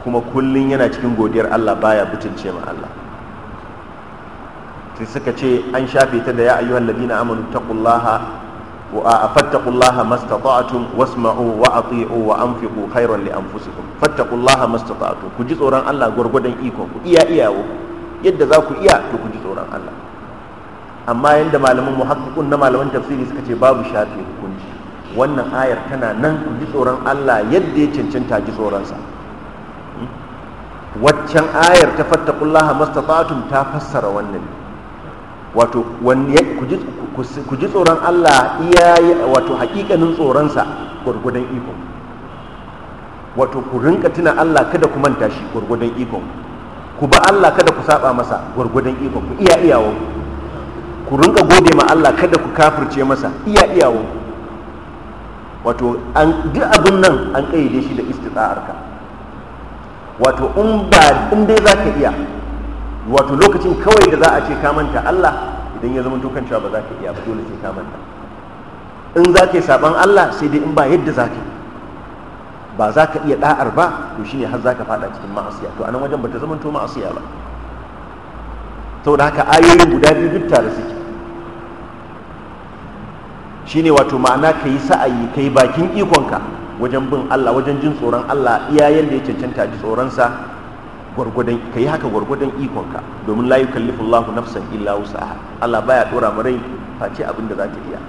kuma kullum yana cikin godiyar Allah baya butulce ma Allah sai suka ce an shafe ta da ya ayyuhal alladina amanu taqullaha afattaqullaha mastata'tum wasma'u wa واسمعوا wa anfiqu khairan li anfusikum fattaqullaha mastata'tum ku ji tsoron Allah gurgurdan iko ku iya iyawo yadda za ku iya to ku ji tsoron Allah amma yadda malaman muhakkikun na malaman tafsiri suka ce babu shafe hukunci wannan ayar tana nan ku ji tsoron Allah yadda ya cancanta ji tsoronsa hmm? waccan ayar ta fattakullaha mastata'tum ta fassara wannan wato ku ji tsoron Allah iya wato hakikanin tsoronsa gwargwadon ikon wato ku rinka tuna Allah kada ku manta shi gwargwadon ikon ku ba Allah kada ku saba masa gwargwadon ikon ku iya iyawo ku rinka gode ma Allah kada ku kafirce masa iya iyawo wato an duk abin nan an kayyade shi da istita'ar ka wato in ba in dai zaka iya wato lokacin kawai da za a ce ka manta Allah idan ya zama tokan cewa ba za ka iya ba dole sai ka manta in za ka yi saban Allah sai dai in ba yadda za ka yi ba za ka iya da'ar ba to shine har za ka fada cikin ma'asiya to anan wajen ba ta zama to ma'asiya ba saboda haka ayoyin guda biyu duk tare suke shine wato ma'ana ka yi sa'ayi ka yi bakin ikonka wajen bin Allah wajen jin tsoron Allah iya yadda ya cancanta ji tsoronsa gwargwadon ka yi haka gwargwadon ikonka domin layu yukallifu nafsan illa wusaha Allah baya dora mu rai face abin da za ta iya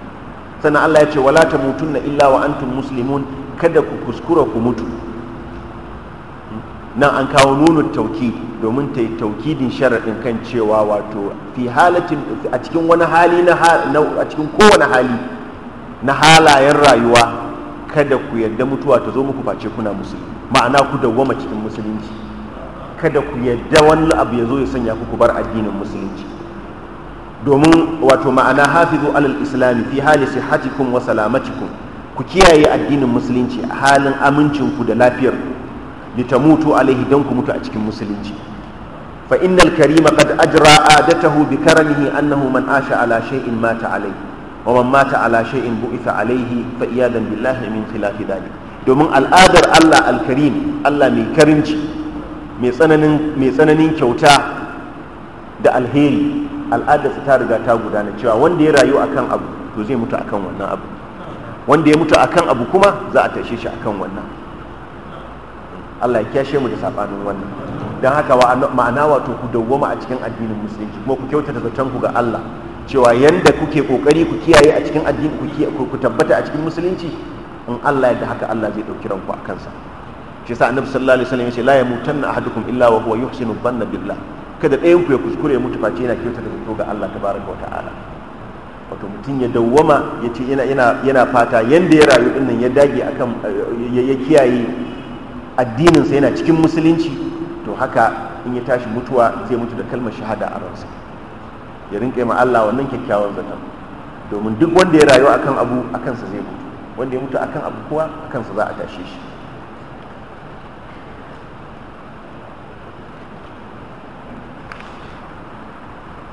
sannan Allah ya ce wala na illa wa antum muslimun kada ku kuskura ku mutu nan an kawo nuna tauki domin ta yi taukidin sharaɗin kan cewa wato fi halatin a cikin wani a cikin kowane hali na halayen rayuwa kada ku yadda mutuwa ta zo muku face kuna musulmi ma'ana ku dawwama cikin musulunci kada ku yadda wani abu ya zo ya sanya ku bar addinin musulunci domin wato ma'ana hafizu alal islami fi hali sihhatikum wa salamatikum ku kiyaye addinin musulunci a halin amincinku da lafiyar mutu alaihi dan ku mutu a cikin musulunci fa innal karima qad ajra adatahu bi karamihi annahu man asha ala shay'in mata alai. wa man mata ala shay'in bu'itha alayhi fa iyadan billahi min khilafi dhalik domin al'adar Allah al-karim Allah mai karinci mai tsananin mai tsananin kyauta da alheri al'adar ta riga ta gudana cewa wanda ya rayu akan abu to zai mutu akan wannan abu wanda ya mutu akan abu kuma za a tashe shi akan wannan Allah ya kyashe mu da sabanin wannan don haka ma'ana wato ku dawwama a cikin addinin musulunci kuma ku kyautata zaton ku ga Allah cewa yadda kuke kokari ku kiyaye a cikin addini ku tabbata a cikin musulunci in Allah ya da haka Allah zai dauki ranku a kansa shi yasa annabi sallallahu alaihi wasallam ya ce la yamutanna ahadukum illa wa huwa yuhsinu dhanna billah kada ɗayan ku ya kuskure mutu face yana kyauta da to ga Allah tabaraka wa ta'ala wato mutum ya dawwama yace ce yana fata yanda ya rayu dinnan ya dage akan ya kiyaye addinin sa yana cikin musulunci to haka in ya tashi mutuwa zai mutu da kalmar shahada a ransa ya rinka ma Allah wannan kyakkyawan zaton domin duk wanda ya rayu akan abu akan sa zai mutu wanda ya mutu akan abu kuwa akan sa za a tashe shi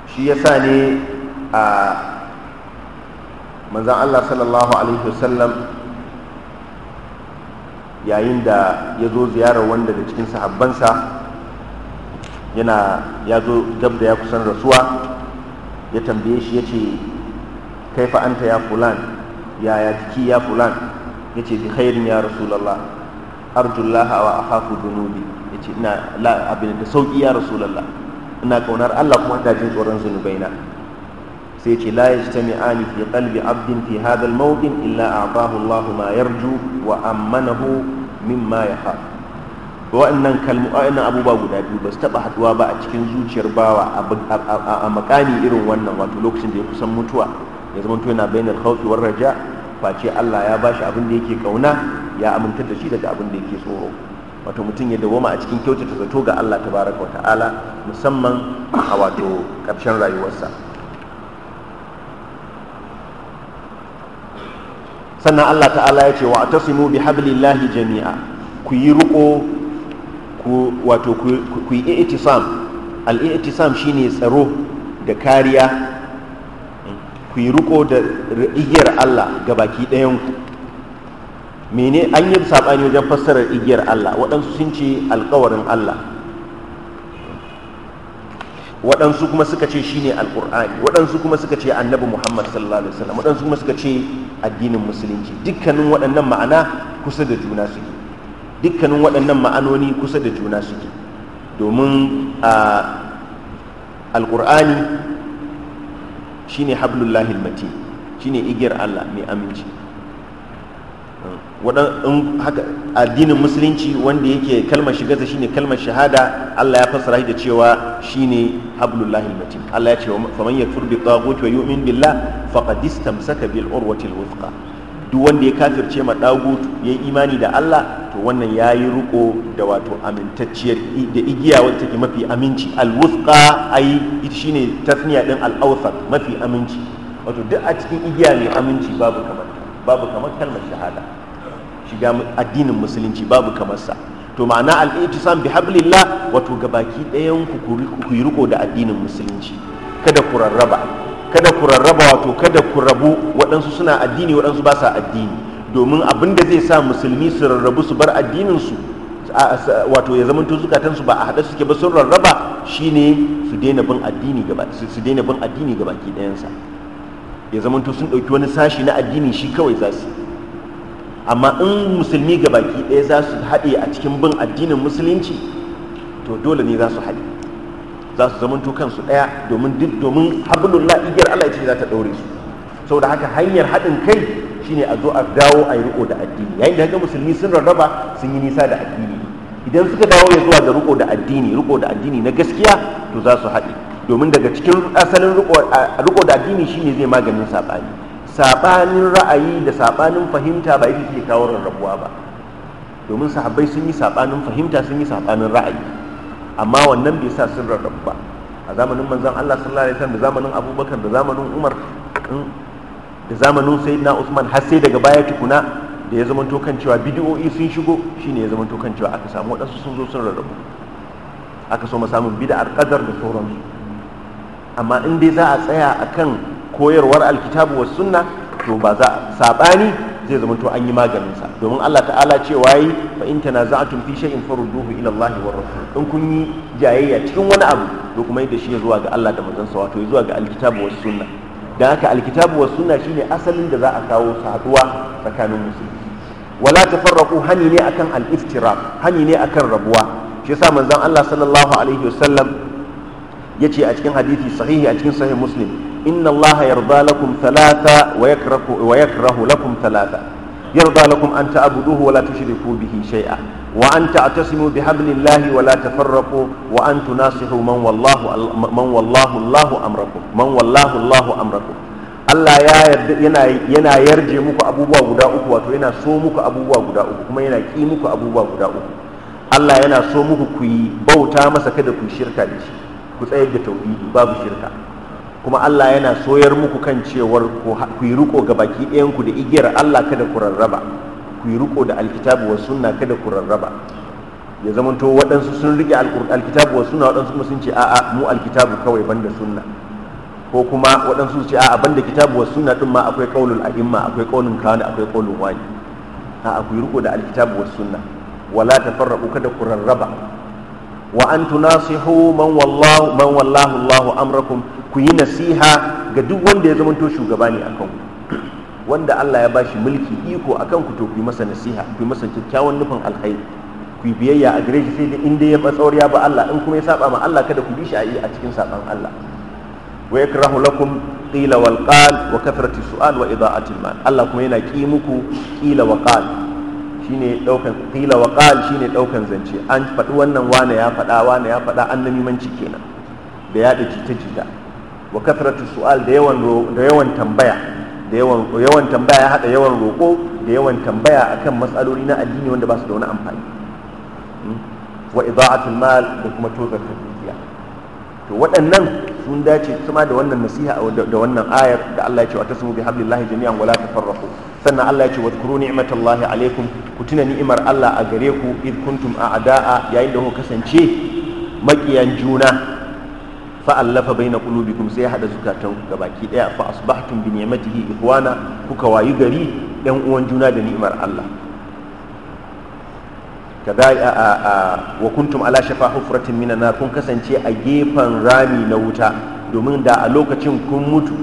shi ya sa ne a manzan Allah sallallahu alaihi wasallam yayin da ya zo ziyarar wanda da cikin sahabbansa yana ya zo dab da ya kusan rasuwa ya tambaye shi ya ce kaifa anta ya fulan ya jiki ya fulan ya ce bi khairin ya rasulallah arjullaha wa akhafu dhunubi ya ce ina abin da sauki ya rasulallah ina kaunar Allah kuma ina jin tsoron zunubaina sai ce la yajtami'ani fi qalbi abdin fi hadha al-mawqin illa a'tahu Allah ma yarju wa ammanahu mimma yakhaf wa'annan kalmu abubuwa guda biyu ba su taba haduwa ba a cikin zuciyar bawa a makami irin wannan wato lokacin da ya kusan mutuwa ya zama yana bayanar haufi war raja face Allah ya bashi abin da yake kauna ya amintar da shi daga abin da yake tsoro wato mutum ya dawoma a cikin ta zato ga Allah tabaraka wa ta'ala musamman a wato karshen rayuwarsa sannan Allah ta'ala ya ce wa atasimu bihablillahi jami'a ku yi riko ku wato ku yi i'tisam al-i'tisam shine tsaro da kariya ku yi riko da igiyar Allah ga baki ɗayan ku mene an yi sabani wajen fassarar igiyar Allah waɗansu sun ce alkawarin Allah waɗansu kuma suka ce shi ne Alƙur'ani. waɗansu kuma suka ce annabi muhammad sallallahu alaihi wasallam waɗansu kuma suka ce addinin musulunci dukkanin waɗannan ma'ana kusa da juna suke dukkanin waɗannan ma'anoni kusa da juna suke domin a alƙur'ani shine hablullahi mati shine igiyar allah mai aminci addinin musulunci wanda yake kalmar shigarsa shine kalmar shahada allah ya fassara shi da cewa shine hablullahi mati allah ya ce faman yakfur bi taghut wa yu'min billah faqad istamsaka bil urwatil wuthqa duk wanda ya kafirce ma dagutu ya imani da Allah to wannan ya yi riko da wato amintacciyar da igiya wadda take mafi aminci alwusqa ai shine tasniya din al-awsat mafi aminci wato duk a cikin igiya mai aminci babu kamar babu kamar kalmar shahada shiga addinin musulunci babu kamar sa to ma'ana al-i'tisam bi hablillah wato gabaki ɗayan ku ku riko da addinin musulunci kada ku rarraba kada ku rarraba wato kada ku rabu waɗansu suna addini waɗansu ba sa addini domin abin da zai sa musulmi su rarrabu su bar addininsu wato ya zamanto zukatansu ba a haɗa suke ba sun rarraba shine su daina su daina bin addini gaba ki ɗayansa ya zamanto sun ɗauki wani sashi na addini shi kawai za su amma in musulmi gabaki ɗaya za su haɗe a cikin bin addinin musulunci to dole ne za su haɗe za su tukan kansu ɗaya domin duk domin hablullah igiyar Allah ce za ta daure su saboda haka hanyar haɗin kai shine a zo a dawo a yi riko da addini yayin da ga musulmi sun rarraba sun yi nisa da addini idan suka dawo ya zuwa ga riko da addini riko da addini na gaskiya to za su haɗe domin daga cikin asalin riko da addini shine zai maganin saɓani saɓanin ra'ayi da saɓanin fahimta ba yake kawo rarrabuwa ba domin sahabbai sun yi saɓanin fahimta sun yi saɓanin ra'ayi amma wannan bai sa sun rarrabu ba a zamanin manzon Allah sallallahu alaihi wasallam da zamanin Abubakar da zamanin Umar da zamanin Sayyidina Usman har sai daga baya tukuna da ya zamanto kan cewa bid'o'i sun shigo shine ya zama kan cewa aka samu wadansu sun zo sun rarrabu aka so mu samu bid'ar qadar da sauransu amma in dai za a tsaya akan koyarwar alkitabu was sunna to ba za sabani zai zama to an yi maganin sa domin Allah ta'ala cewa yi fa in tanaza'tum fi shay'in farudduhu ila Allah wa rasul in kun yi jayayya cikin wani abu to kuma yadda shi ya zuwa ga Allah da manzon sa wato ya zuwa ga alkitabu was sunna dan haka alkitabu was sunna shine asalin da za a kawo saduwa tsakanin musulmi wala tafarraqu hani ne akan al-iftiraq hani ne akan rabuwa shi yasa manzon Allah sallallahu alaihi wasallam yace a cikin hadisi sahihi a cikin sahih muslim inna Allah yarda lakum talata wa yakrahu wa yakrahu lakum talata yarda lakum an ta'buduhu wa la tushriku bihi shay'a wa an ta'tasimu bihablillahi wa la tafarraqu wa an tunasihu man wallahu man wallahu Allahu amrakum man wallahu Allahu amrakum Allah ya yarda yana yana yarje muku abubuwa guda uku wato yana so muku abubuwa guda uku kuma yana ki muku abubuwa guda uku Allah yana so muku ku yi bauta masa kada ku shirka da shi ku tsayar da tauhidi babu shirka kuma Allah yana soyar muku kan cewar ku yi riko ga baki ɗayanku da igiyar Allah kada ku rarraba ku yi riko da alkitabu wa sunna kada ku rarraba ya zama to waɗansu sun riƙe alkitabu wa sunna waɗansu kuma sun ce a'a mu alkitabu kawai banda sunna ko kuma waɗansu su ce a'a banda kitabu wa sunna ɗin ma akwai qaulul a'imma akwai kaulun kawani akwai kaulun wani a'a ku yi riko da alkitabu wa sunna wala tafarraqu kada ku rarraba wa an tunasihu man wallahu man wallahu Allahu amrakum ku yi nasiha ga duk wanda ya to shugaba ne akan ku wanda Allah ya ba shi mulki iko akan ku to ku yi masa nasiha ku yi masa kyakkyawan nufin alkhairi ku yi biyayya a gare shi sai da inda ya ya ba Allah in kuma ya saba ma Allah kada ku bi shi a yi a cikin saban Allah wa yakrahu lakum qila wal qal wa kathrati su'al wa ida'atil mal Allah kuma yana ki muku qila wa qal shine daukan qila wa qal shine daukan zance an faɗi wannan wane ya faɗa wane ya faɗa annabi manci kenan da ya da jita jita wa kathratu su'al da yawan da yawan tambaya da yawan yawan tambaya hada yawan roko da yawan tambaya akan matsaloli na addini wanda ba su da wani amfani hmm? wa ida'atul mal da kuma tozar dukiya to waɗannan sun dace kuma da wannan nasiha da wannan ayar da Allah ya ce wa tasmu bi hablillahi jami'an wala tafarraqu sannan Allah ya ce zkuru ni'matallahi alaikum ku tuna ni'imar Allah a gare ku id kuntum a'da'a yayin da kuka kasance makiyan juna fa'allafa bai na kuma sai ya haɗa zukatan ga baki ɗaya fa asbahtum bi ni'matihi ikhwana kuka wayi gari ɗan uwan juna da ni'imar Allah a wa kuntum ala shafa hufratin minan nar kun kasance a gefen rami na wuta domin da a lokacin kun mutu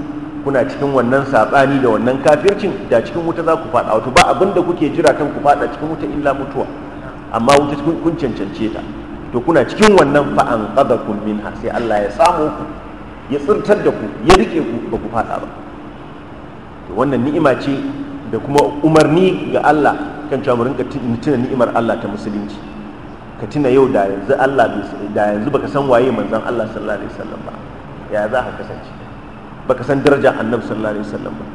kuna cikin wannan saɓani da wannan kafircin da cikin wuta za ku faɗa wato ba abin da kuke jira kan ku faɗa cikin wuta illa mutuwa amma wuta kun cancance ta to kuna cikin wannan fa'an an qadakum minha sai Allah ya samu ku ya tsirtar da ku ya rike ku ba ku fada ba to wannan ni'ima ce da kuma umarni ga Allah kan cewa mu rinka tuna ni'imar Allah ta musulunci ka tuna yau da yanzu Allah da yanzu baka san waye manzon Allah sallallahu alaihi wasallam ba ya za ka kasance baka san darajar annabi sallallahu alaihi wasallam ba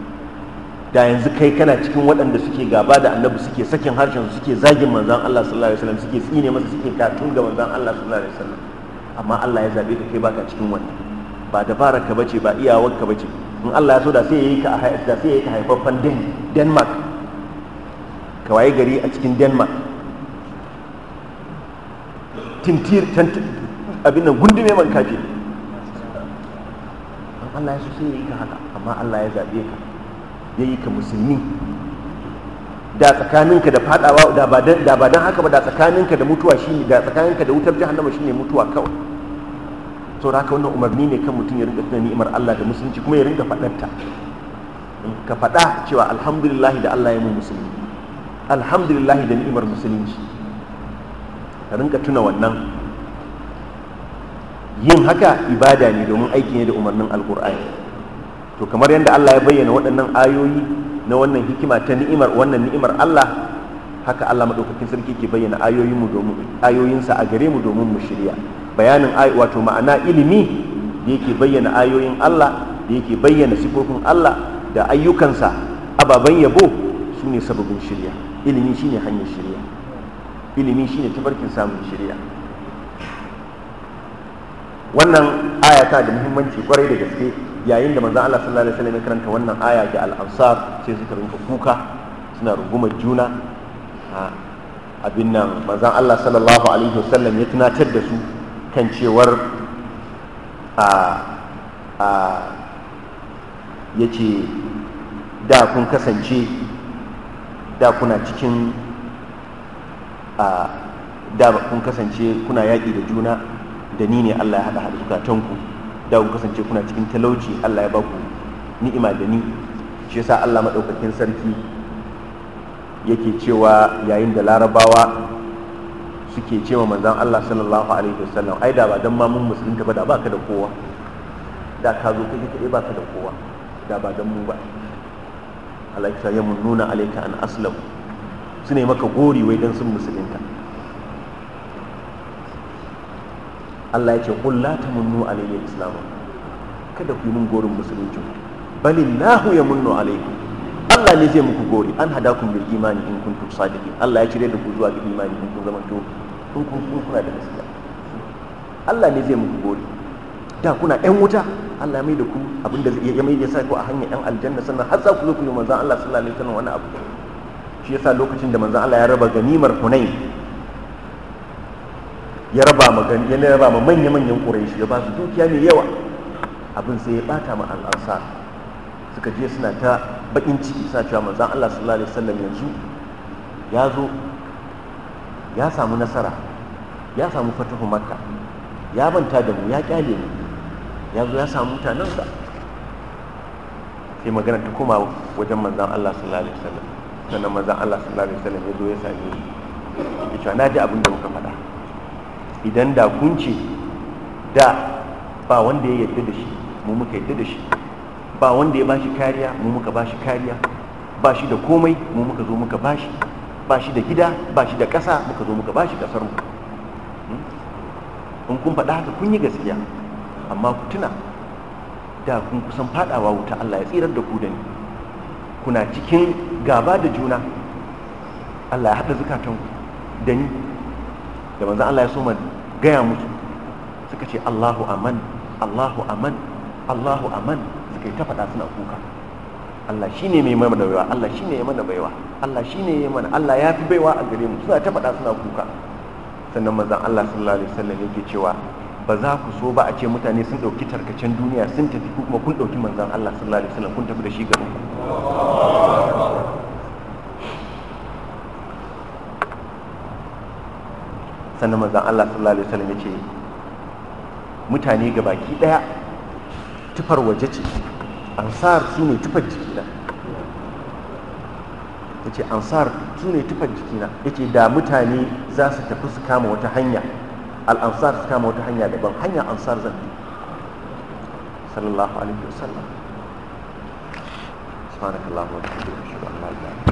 da yanzu kai kana cikin waɗanda suke gaba da annabi suke sakin harshen suke zagin manzan Allah sallallahu alaihi wasallam suke tsine masa suke katun ga manzan Allah sallallahu alaihi wasallam amma Allah ya zabe ka kai baka cikin wannan ba dabarar ka bace ba iyawar ka bace in Allah ya so da sai yayi ka a da sai yayi ka haifaffen Denmark ka waye gari a cikin Denmark tintir tant abin nan gundume man kaje Allah ya so sai yayi ka haka amma Allah ya zabe ka ya yi ka musulmi da tsakaninka da fadawa da ba don haka ba da tsakaninka da mutuwa shi da tsakaninka da wutar jahannama ne mutuwa kawai saura haka wannan umarni ne kan mutum ya rinka tunani ni'imar Allah da musulunci kuma ya rinka fadarta ka fada cewa alhamdulillahi da Allah ya mu musulmi alhamdulillahi da ni'imar musulunci ka rinka tuna wannan yin haka ibada ne domin aiki ne da umarnin alkur'ani to kamar yadda Allah ya bayyana waɗannan ayoyi na wannan hikima ta ni'imar wannan ni'imar Allah haka Allah madaukakin sarki ke bayyana ayoyin mu domin ayoyinsa a gare mu domin mu shirya bayanin wato ma'ana ilimi da yake bayyana ayoyin Allah da yake bayyana sifofin Allah da ayyukansa ababen yabo su ne sababin shirya ilimi shine hanyar shirya ilimi shine tabarkin samun shirya wannan aya ta da muhimmanci kwarai da gaske yayin da manzon Allah sallallahu alaihi wasallam ya karanta wannan aya ga al-ansar sai suka rinka kuka suna ruguma juna abin nan manzon Allah sallallahu alaihi wasallam ya tunatar da su kan cewar a a yace da kun kasance da kuna cikin a da kun kasance kuna yaƙi da juna da ni ne Allah ya haɗa haɗa zukatanku da ku kasance kuna cikin talauci Allah ya ba ku ni'ima da ni shi yasa Allah madaukakin sarki yake cewa yayin da larabawa suke cewa manzon Allah sallallahu alaihi wasallam ai da ba dan ma mun ka ba da baka da kowa da ka zo kai ba baka da kowa da ba dan mu ba Allah ya yamun nuna alayka an aslam su ne maka gori wai dan sun musulunta Allah ya ce qul la tamannu alayya islam kada ku yi mun gorin musulunci balillahu yamunnu alaykum Allah ne zai muku gori an hadakum bil imani in kuntum sadiqin Allah ya cire da ku zuwa ga imani in kun zama to in kun kuna da gaskiya Allah ne zai muku gori da kuna ɗan wuta Allah ya mai da ku abinda ya mai da sa ku a hanyar ɗan aljanna sannan har za ku zo ku yi manzon Allah sallallahu alaihi wasallam wani abu shi yasa lokacin da manzon Allah ya raba ganimar Hunain ya raba ma gani ya raba ma manya manyan ƙuraishi ya ba su dukiya mai yawa abin sai ya bata ma al'ansa suka je suna ta bakin ciki suna cewa manzon Allah sallallahu alaihi wasallam yanzu ya zo ya samu nasara ya samu fatahu makka ya manta da mu ya kyale mu ya zo ya samu mutanen sa sai magana ta koma wajen manzan Allah sallallahu alaihi wasallam sannan manzan Allah sallallahu alaihi wasallam ya zo ya same ni ya ce na ji abin da muka faɗa idan da kun ce da ba wanda ya yarda da shi mu muka yarda da shi ba wanda ya bashi kariya mu muka bashi kariya ba shi da komai mu muka zo muka bashi ba shi da gida ba shi da ƙasa muka zo muka bashi ƙasar mu hmm? in kun faɗa haka kun yi gaskiya amma ku tuna da kun kusan faɗawa wuta Allah ya tsirar da ku da ni kuna cikin gaba da juna Allah ya haɗa zukatanku da ni da manzan Allah ya so gaya musu suka ce Allahu aman Allahu aman Allahu aman suka yi ta faɗa suna kuka Allah shi ne mai mana baiwa Allah shi ya mana baiwa Allah shi ya mana Allah ya fi baiwa a gare mu suna ta faɗa suna kuka sannan mazan Allah sallallahu alaihi wasallam yake cewa ba za ku so ba a ce mutane sun ɗauki tarkacen duniya sun tafi kuma kun ɗauki manzan Allah sallallahu alaihi wasallam kun tafi da shi gaban ku sannan mazan Allah sallallahu alaihi wasallam ce mutane ga baki daya tufar waje ce ansar su ne tufar jikina yace ansar su ne tufar jikina yace da mutane za su tafi su kama wata hanya al ansar su kama wata hanya daban hanya ansar zan bi sallallahu alaihi wasallam سبحانك wa وبحمدك